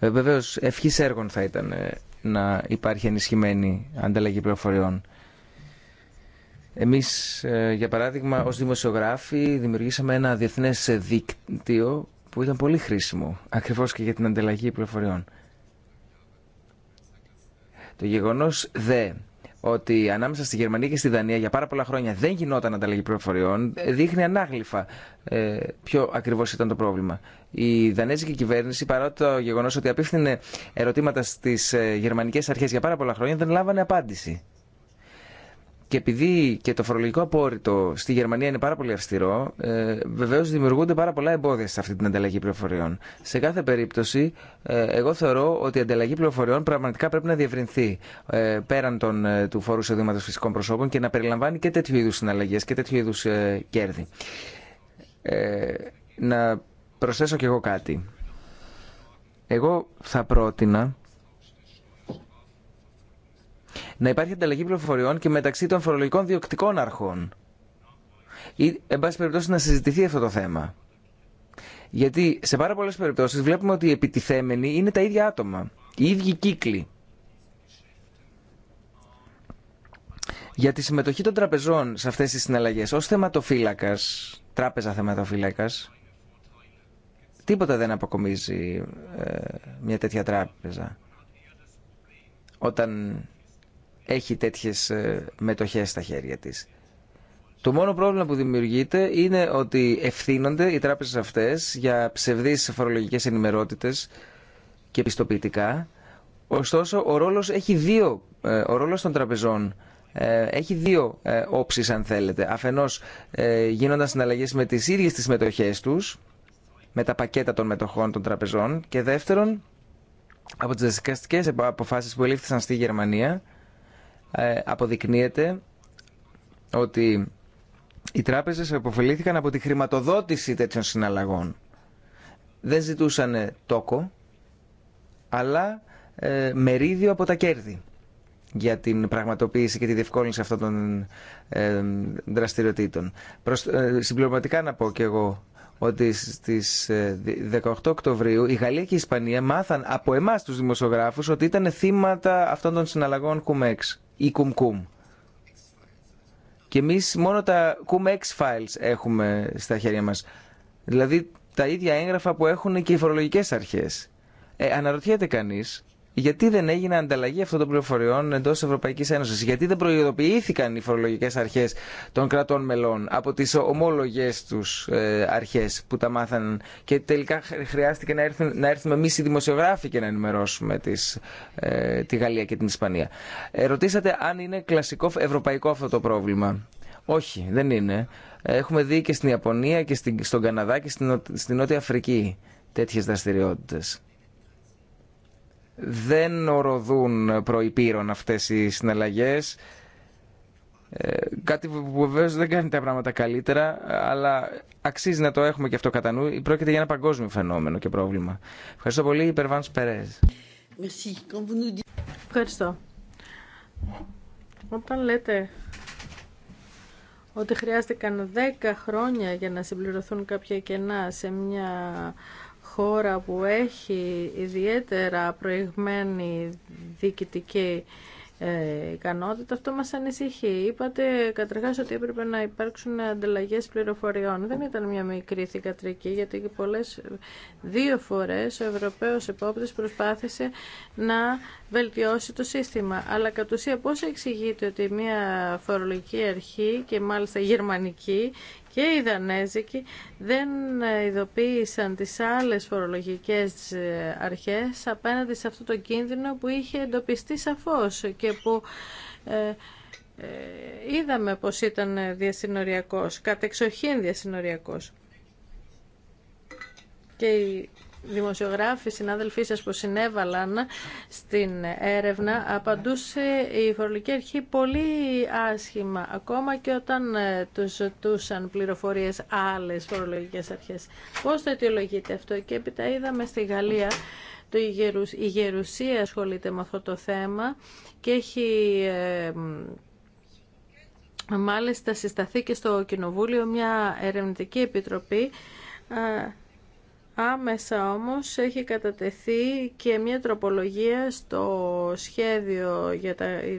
Βεβαίω βεβαίως, ευχής έργων θα ήταν να υπάρχει ενισχυμένη ανταλλαγή πληροφοριών. Εμείς, για παράδειγμα, ως δημοσιογράφοι δημιουργήσαμε ένα διεθνές δίκτυο που ήταν πολύ χρήσιμο, ακριβώς και για την ανταλλαγή πληροφοριών. Το γεγονός δε ότι ανάμεσα στη Γερμανία και στη Δανία για πάρα πολλά χρόνια δεν γινόταν ανταλλαγή πληροφοριών, ε, δείχνει ανάγλυφα ε, ποιο ακριβώς ήταν το πρόβλημα. Η δανέζικη κυβέρνηση, παρά το γεγονό ότι απίφθινε ερωτήματα στις ε, γερμανικές αρχές για πάρα πολλά χρόνια, δεν λάβανε απάντηση. Και επειδή και το φορολογικό απόρριτο στη Γερμανία είναι πάρα πολύ αυστηρό, ε, βεβαίω δημιουργούνται πάρα πολλά εμπόδια σε αυτή την ανταλλαγή πληροφοριών. Σε κάθε περίπτωση, ε, εγώ θεωρώ ότι η ανταλλαγή πληροφοριών πραγματικά πρέπει να διευρυνθεί ε, πέραν των, ε, του φόρου εισοδήματο φυσικών προσώπων και να περιλαμβάνει και τέτοιου είδου συναλλαγέ και τέτοιου είδου κέρδη. να προσθέσω κι εγώ κάτι. Εγώ θα πρότεινα να υπάρχει ανταλλαγή πληροφοριών και μεταξύ των φορολογικών διοκτικών αρχών. Ή, εν πάση περιπτώσει, να συζητηθεί αυτό το θέμα. Γιατί σε πάρα πολλέ περιπτώσει βλέπουμε ότι οι επιτιθέμενοι είναι τα ίδια άτομα, οι ίδιοι κύκλοι. Για τη συμμετοχή των τραπεζών σε αυτές τις συναλλαγές, ως θεματοφύλακα, τράπεζα θεματοφύλακα. τίποτα δεν αποκομίζει ε, μια τέτοια τράπεζα. Όταν έχει τέτοιες ε, μετοχές στα χέρια της. Το μόνο πρόβλημα που δημιουργείται είναι ότι ευθύνονται οι τράπεζες αυτές για ψευδείς φορολογικές ενημερότητες και πιστοποιητικά. Ωστόσο, ο ρόλος, έχει δύο, ε, ο ρόλος των τραπεζών ε, έχει δύο όψεις αν θέλετε. Αφενός γίνονταν συναλλαγές με τις ίδιες τις μετοχές τους, με τα πακέτα των μετοχών των τραπεζών και δεύτερον από τις δικαστικές αποφάσεις που ελήφθησαν στη Γερμανία ε, αποδεικνύεται ότι οι τράπεζες αποφελήθηκαν από τη χρηματοδότηση τέτοιων συναλλαγών. Δεν ζητούσαν τόκο, αλλά ε, μερίδιο από τα κέρδη για την πραγματοποίηση και τη διευκόλυνση αυτών των ε, δραστηριοτήτων. ε, συμπληρωματικά να πω και εγώ ότι στις 18 ε, Οκτωβρίου η Γαλλία και η Ισπανία μάθαν από εμάς τους δημοσιογράφους ότι ήταν θύματα αυτών των συναλλαγών Κουμέξ ή Κουμκούμ. Και εμείς μόνο τα Κουμέξ files έχουμε στα χέρια μας. Δηλαδή τα ίδια έγγραφα που έχουν και οι φορολογικές αρχές. Ε, αναρωτιέται κανείς γιατί δεν έγινε ανταλλαγή αυτών των πληροφοριών εντό Ευρωπαϊκή Ένωση, Γιατί δεν προειδοποιήθηκαν οι φορολογικέ αρχέ των κρατών μελών από τι ομόλογε του ε, αρχέ που τα μάθαν και τελικά χρειάστηκε να, έρθουν, να έρθουμε εμεί οι δημοσιογράφοι και να ενημερώσουμε τις, ε, τη Γαλλία και την Ισπανία. Ε, ρωτήσατε αν είναι κλασικό ευρωπαϊκό αυτό το πρόβλημα. Όχι, δεν είναι. Έχουμε δει και στην Ιαπωνία και στον Καναδά και στην, στην Νότια Αφρική τέτοιε δραστηριότητε δεν οροδούν προϋπήρων αυτές οι συναλλαγές. Ε, κάτι που βεβαίω δεν κάνει τα πράγματα καλύτερα, αλλά αξίζει να το έχουμε και αυτό κατά νου. Πρόκειται για ένα παγκόσμιο φαινόμενο και πρόβλημα. Ευχαριστώ πολύ, Υπερβάν Περέζ. Ευχαριστώ. Όταν λέτε ότι χρειάστηκαν 10 χρόνια για να συμπληρωθούν κάποια κενά σε μια χώρα που έχει ιδιαίτερα προηγμένη διοικητική ε, ικανότητα, αυτό μας ανησυχεί. Είπατε καταρχάς ότι έπρεπε να υπάρξουν ανταλλαγές πληροφοριών. Δεν ήταν μια μικρή θηκατρική, γιατί και πολλές, δύο φορές ο Ευρωπαίος Επόπτης προσπάθησε να βελτιώσει το σύστημα. Αλλά κατ' ουσία πώς εξηγείται ότι μια φορολογική αρχή και μάλιστα γερμανική και οι Δανέζικοι δεν ειδοποίησαν τις άλλες φορολογικές ε, αρχές απέναντι σε αυτό το κίνδυνο που είχε εντοπιστεί σαφώς και που ε, ε, είδαμε πως ήταν διασυνοριακός, κατεξοχήν διασυνοριακός. Και δημοσιογράφοι συνάδελφοί σας που συνέβαλαν στην έρευνα απαντούσε η φορολογική αρχή πολύ άσχημα ακόμα και όταν ε, τους ζητούσαν πληροφορίες άλλες φορολογικές αρχές. Πώς το αιτιολογείτε αυτό και έπειτα είδαμε στη Γαλλία το η Γερουσία ασχολείται με αυτό το θέμα και έχει ε, μάλιστα συσταθεί και στο Κοινοβούλιο μια ερευνητική επιτροπή ε, Άμεσα όμως έχει κατατεθεί και μια τροπολογία στο σχέδιο για τα ε,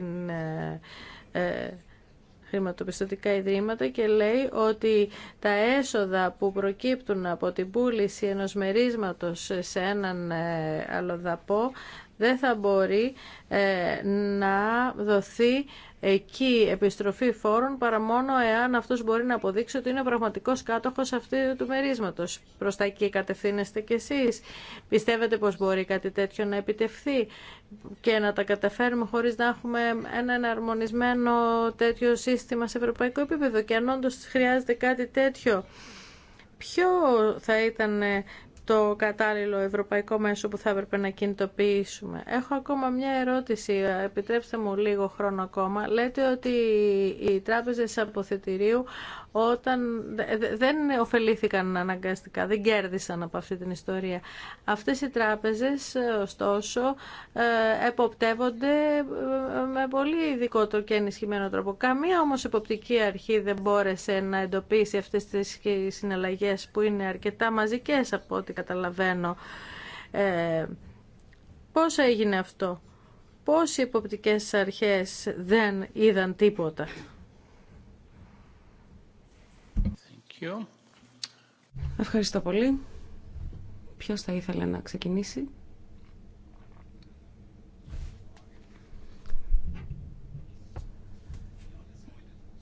ε, χρηματοπιστωτικά ιδρύματα και λέει ότι τα έσοδα που προκύπτουν από την πούληση ενός μερίσματος σε έναν ε, αλλοδαπό δεν θα μπορεί ε, να δοθεί εκεί επιστροφή φόρων παρά μόνο εάν αυτός μπορεί να αποδείξει ότι είναι πραγματικός κάτοχος αυτού του μερίσματος. Προς τα εκεί κατευθύνεστε κι εσείς. Πιστεύετε πως μπορεί κάτι τέτοιο να επιτευχθεί και να τα καταφέρουμε χωρίς να έχουμε ένα εναρμονισμένο τέτοιο σύστημα σε ευρωπαϊκό επίπεδο και αν όντως χρειάζεται κάτι τέτοιο ποιο θα ήταν το κατάλληλο ευρωπαϊκό μέσο που θα έπρεπε να κινητοποιήσουμε. Έχω ακόμα μια ερώτηση, επιτρέψτε μου λίγο χρόνο ακόμα. Λέτε ότι οι τράπεζες αποθετηρίου όταν δεν ωφελήθηκαν αναγκαστικά, δεν κέρδισαν από αυτή την ιστορία. Αυτές οι τράπεζες, ε, ωστόσο, ε, εποπτεύονται ε, με πολύ ειδικό και ενισχυμένο τρόπο. Καμία όμως εποπτική αρχή δεν μπόρεσε να εντοπίσει αυτές τις συναλλαγές που είναι αρκετά μαζικές από ό,τι καταλαβαίνω. Ε, πώς έγινε αυτό, πώς οι αρχές δεν είδαν τίποτα. Ευχαριστώ πολύ. Ποιος θα ήθελε να ξεκινήσει.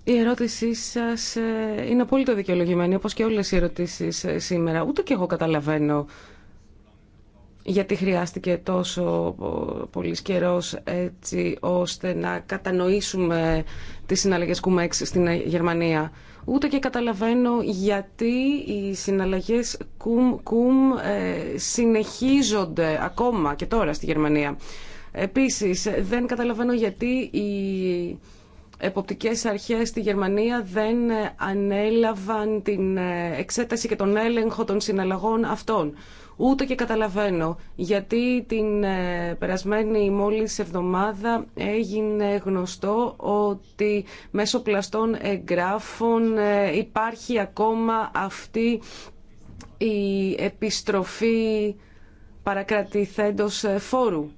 Η ερώτησή σας ε, είναι απόλυτα δικαιολογημένη, όπως και όλες οι ερωτήσεις ε, σήμερα. Ούτε και εγώ καταλαβαίνω γιατί χρειάστηκε τόσο πολύ καιρός έτσι ώστε να κατανοήσουμε τις συναλλαγές κουμέξ στην Γερμανία. Ούτε και καταλαβαίνω γιατί οι συναλλαγές κουμ-κουμ ε, συνεχίζονται ακόμα και τώρα στη Γερμανία. Επίσης, δεν καταλαβαίνω γιατί οι εποπτικές αρχές στη Γερμανία δεν ανέλαβαν την ε, εξέταση και τον έλεγχο των συναλλαγών αυτών. Ούτε και καταλαβαίνω γιατί την ε, περασμένη μόλις εβδομάδα έγινε γνωστό ότι μέσω πλαστών εγγράφων ε, υπάρχει ακόμα αυτή η επιστροφή παρακρατηθέντος ε, φόρου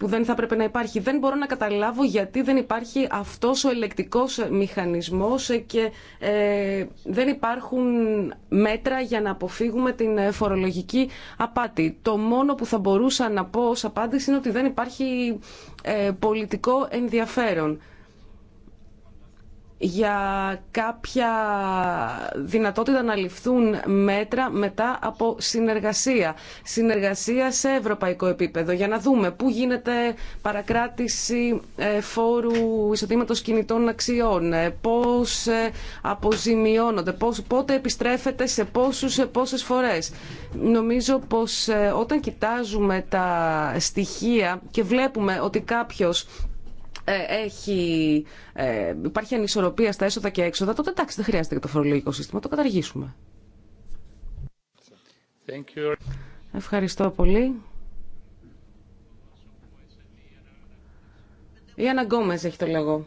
που δεν θα έπρεπε να υπάρχει. Δεν μπορώ να καταλάβω γιατί δεν υπάρχει αυτός ο ελεκτικός μηχανισμός και ε, δεν υπάρχουν μέτρα για να αποφύγουμε την ε, φορολογική απάτη. Το μόνο που θα μπορούσα να πω ως απάντηση είναι ότι δεν υπάρχει ε, πολιτικό ενδιαφέρον για κάποια δυνατότητα να ληφθούν μέτρα μετά από συνεργασία. Συνεργασία σε ευρωπαϊκό επίπεδο για να δούμε πού γίνεται παρακράτηση ε, φόρου εισοδήματος κινητών αξιών, ε, πώς ε, αποζημιώνονται, πώς, πότε επιστρέφεται πόσους, σε πόσες φορές. Νομίζω πως όταν κοιτάζουμε τα στοιχεία και βλέπουμε ότι κάποιος ε, έχει, ε, υπάρχει ανισορροπία στα έσοδα και έξοδα, τότε εντάξει δεν χρειάζεται και το φορολογικό σύστημα, το καταργήσουμε. Ευχαριστώ πολύ. Η Άννα Γκόμες έχει το λόγο.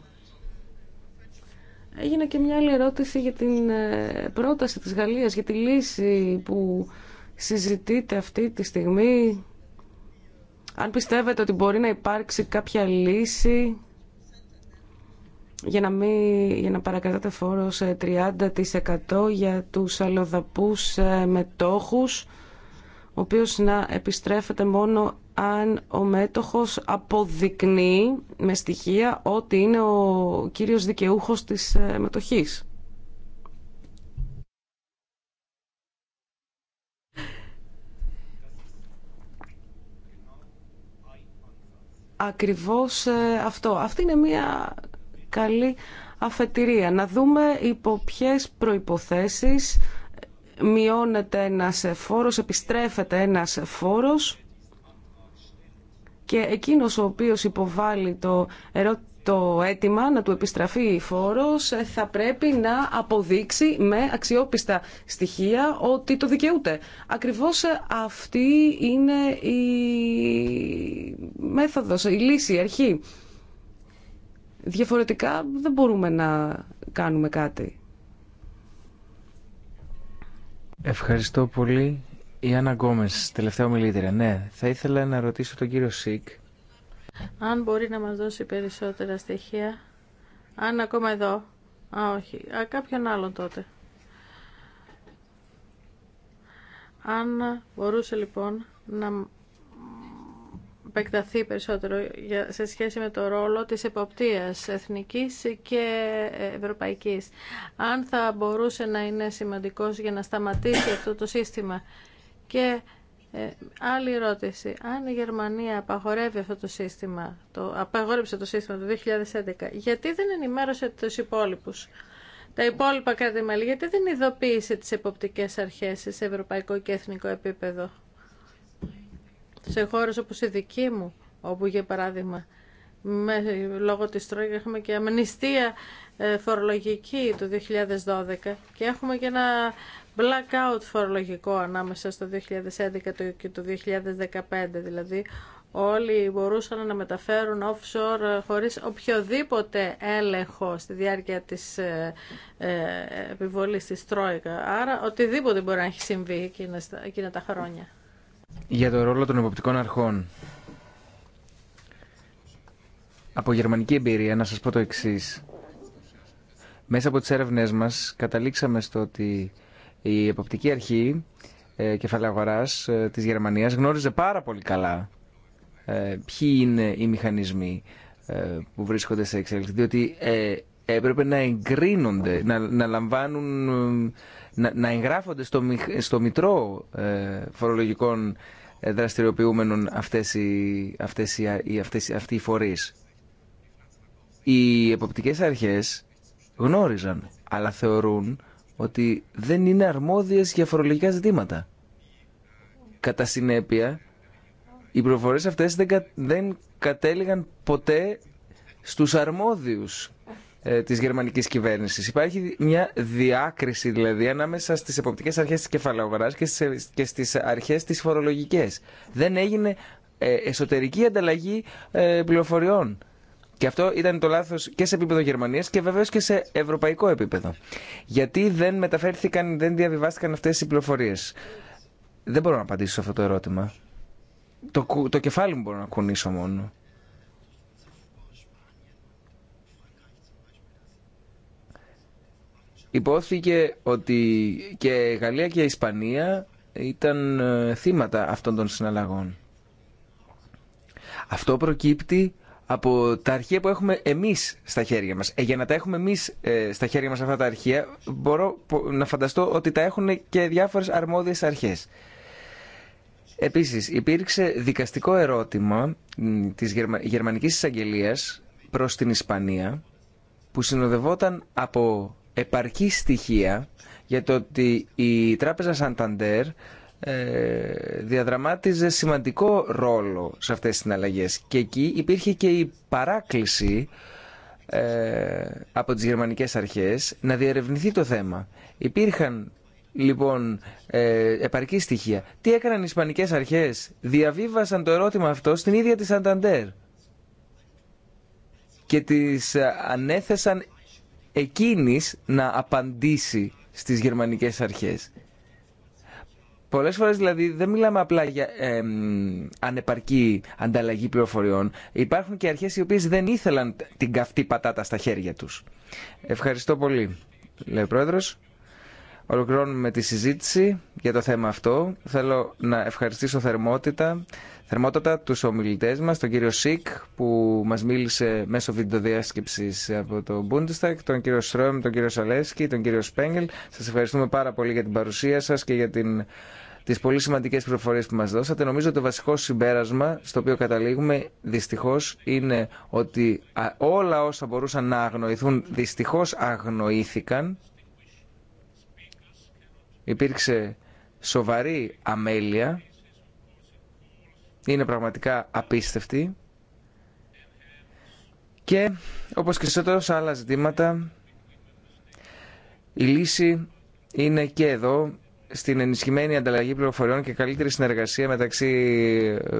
Έγινε και μια άλλη ερώτηση για την ε, πρόταση της Γαλλίας, για τη λύση που συζητείται αυτή τη στιγμή. Αν πιστεύετε ότι μπορεί να υπάρξει κάποια λύση για να, μην, για να παρακρατάτε σε 30% για τους αλλοδαπούς ε, μετόχους, ο οποίος να επιστρέφεται μόνο αν ο μέτοχος αποδεικνύει με στοιχεία ότι είναι ο κύριος δικαιούχος της ε, μετοχής. Ακριβώς ε, αυτό. Αυτή είναι μια καλή αφετηρία. Να δούμε υπό ποιε προϋποθέσεις μειώνεται ένας φόρο, επιστρέφεται ένας φόρο και εκείνος ο οποίος υποβάλλει το, ερω... το αίτημα να του επιστραφεί η φόρος ε, θα πρέπει να αποδείξει με αξιόπιστα στοιχεία ότι το δικαιούται. Ακριβώς ε, αυτή είναι η μέθοδος, η λύση, η αρχή. Διαφορετικά δεν μπορούμε να κάνουμε κάτι. Ευχαριστώ πολύ. Η Άννα Γκόμες, τελευταία ομιλήτρια. Ναι, θα ήθελα να ρωτήσω τον κύριο Σικ. Αν μπορεί να μας δώσει περισσότερα στοιχεία. Αν ακόμα εδώ. Α, όχι. Α, κάποιον άλλον τότε. Αν μπορούσε λοιπόν να επεκταθεί περισσότερο σε σχέση με το ρόλο της εποπτείας εθνικής και ευρωπαϊκής. Αν θα μπορούσε να είναι σημαντικός για να σταματήσει αυτό το σύστημα. Και ε, άλλη ερώτηση. Αν η Γερμανία απαγορεύει αυτό το σύστημα, το, απαγόρεψε το σύστημα το 2011, γιατί δεν ενημέρωσε τους υπόλοιπους. Τα υπόλοιπα κράτη-μέλη, γιατί δεν ειδοποίησε τις εποπτικές αρχές σε ευρωπαϊκό και εθνικό επίπεδο σε χώρες όπως η δική μου, όπου για παράδειγμα με, λόγω της Τρόικα έχουμε και αμνηστία ε, φορολογική του 2012 και έχουμε και ένα blackout φορολογικό ανάμεσα στο 2011 και το 2015 δηλαδή όλοι μπορούσαν να μεταφέρουν offshore χωρίς οποιοδήποτε έλεγχο στη διάρκεια της ε, ε, επιβολής της Τρόικα άρα οτιδήποτε μπορεί να έχει συμβεί εκείνα τα χρόνια για το ρόλο των εποπτικών αρχών. Από γερμανική εμπειρία να σας πω το εξής. Μέσα από τις έρευνές μας καταλήξαμε στο ότι η εποπτική αρχή ε, κεφαλαίου αγοράς ε, της Γερμανίας γνώριζε πάρα πολύ καλά ε, ποιοι είναι οι μηχανισμοί ε, που βρίσκονται σε εξέλιξη. Διότι ε, έπρεπε να εγκρίνονται, να, λαμβάνουν, να, να εγγράφονται στο, στο μητρό ε, φορολογικών ε, δραστηριοποιούμενων αυτές οι, αυτές οι, αυτές, αυτοί οι φορείς. Οι εποπτικές αρχές γνώριζαν, αλλά θεωρούν ότι δεν είναι αρμόδιες για φορολογικά ζητήματα. Κατά συνέπεια, οι προφορές αυτές δεν, κα, δεν κατέληγαν ποτέ στους αρμόδιους ε, της γερμανικής κυβέρνησης. Υπάρχει μια διάκριση δηλαδή ανάμεσα στις εποπτικές αρχές της κεφαλαίου και στις αρχές της φορολογικές. Δεν έγινε ε, εσωτερική ανταλλαγή ε, πληροφοριών. Και αυτό ήταν το λάθο και σε επίπεδο Γερμανία και βεβαίω και σε ευρωπαϊκό επίπεδο. Γιατί δεν μεταφέρθηκαν, δεν διαβιβάστηκαν αυτέ οι πληροφορίε. Δεν μπορώ να απαντήσω σε αυτό το ερώτημα. Το, το κεφάλι μου μπορώ να κουνήσω μόνο. Υπόθηκε ότι και Γαλλία και Ισπανία ήταν ε, θύματα αυτών των συναλλαγών. Αυτό προκύπτει από τα αρχεία που έχουμε εμείς στα χέρια μας. Ε, για να τα έχουμε εμείς ε, στα χέρια μας αυτά τα αρχεία, μπορώ να φανταστώ ότι τα έχουν και διάφορες αρμόδιες αρχές. Επίσης, υπήρξε δικαστικό ερώτημα της Γερμανικής Εισαγγελίας προς την Ισπανία, που συνοδευόταν από επαρκή στοιχεία για το ότι η τράπεζα Σανταντέρ ε, διαδραμάτιζε σημαντικό ρόλο σε αυτές τις συναλλαγές και εκεί υπήρχε και η παράκληση ε, από τις γερμανικές αρχές να διερευνηθεί το θέμα. Υπήρχαν λοιπόν ε, επαρκή στοιχεία. Τι έκαναν οι ισπανικές αρχές. Διαβίβασαν το ερώτημα αυτό στην ίδια τη Σανταντέρ και τις ανέθεσαν εκείνης να απαντήσει στις γερμανικές αρχές. Πολλές φορές δηλαδή δεν μιλάμε απλά για ανεπαρκή ανταλλαγή πληροφοριών. Υπάρχουν και αρχές οι οποίες δεν ήθελαν την καυτή πατάτα στα χέρια τους. Ευχαριστώ πολύ, λέει ο Πρόεδρος. Ολοκληρώνουμε τη συζήτηση για το θέμα αυτό. Θέλω να ευχαριστήσω θερμότητα, θερμότατα τους ομιλητές μας, τον κύριο Σίκ που μας μίλησε μέσω βιντεοδιάσκεψης από το Bundestag, τον κύριο Σρόμ, τον κύριο Σαλέσκι, τον κύριο Σπέγγελ. Σας ευχαριστούμε πάρα πολύ για την παρουσία σας και για την τις πολύ σημαντικές πληροφορίες που μας δώσατε. Νομίζω ότι το βασικό συμπέρασμα στο οποίο καταλήγουμε δυστυχώς είναι ότι όλα όσα μπορούσαν να αγνοηθούν δυστυχώς αγνοήθηκαν υπήρξε σοβαρή αμέλεια, είναι πραγματικά απίστευτη και όπως και σε τόσα άλλα ζητήματα η λύση είναι και εδώ στην ενισχυμένη ανταλλαγή πληροφοριών και καλύτερη συνεργασία μεταξύ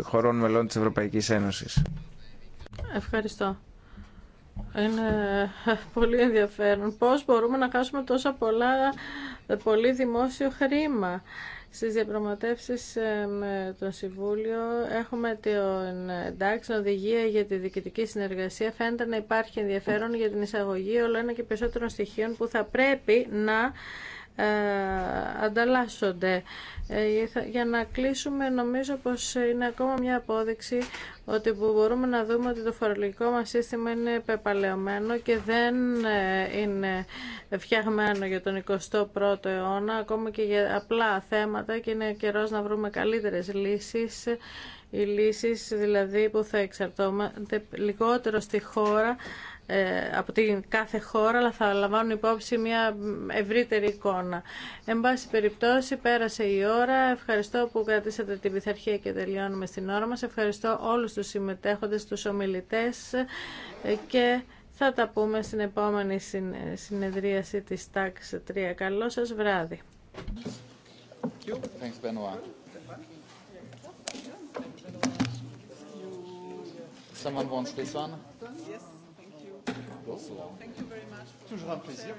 χωρών μελών της Ευρωπαϊκής Ένωσης. Ευχαριστώ. Είναι ε, πολύ ενδιαφέρον. Πώς μπορούμε να χάσουμε τόσα πολλά πολύ δημόσιο χρήμα. Στις διαπραγματεύσεις ε, με το Συμβούλιο έχουμε την εντάξει οδηγία για τη διοικητική συνεργασία. Φαίνεται να υπάρχει ενδιαφέρον για την εισαγωγή όλο ένα και περισσότερων στοιχείων που θα πρέπει να ε, ανταλλάσσονται. Ε, για να κλείσουμε νομίζω πως είναι ακόμα μια απόδειξη ότι που μπορούμε να δούμε ότι το φορολογικό μας σύστημα είναι πεπαλαιωμένο και δεν ε, είναι φτιαγμένο για τον 21ο αιώνα, ακόμα και για απλά θέματα και είναι καιρός να βρούμε καλύτερες λύσεις οι λύσεις δηλαδή που θα εξαρτώνται λιγότερο στη χώρα ε, από την κάθε χώρα, αλλά θα λαμβάνουν υπόψη μια ευρύτερη εικόνα. Εν πάση περιπτώσει, πέρασε η ώρα. Ευχαριστώ που κρατήσατε την πειθαρχία και τελειώνουμε στην ώρα μας. Ευχαριστώ όλους τους συμμετέχοντες, τους ομιλητές ε, και θα τα πούμε στην επόμενη συνεδρίαση της ΤΑΚΣ 3. Καλό σας βράδυ toujours un plaisir.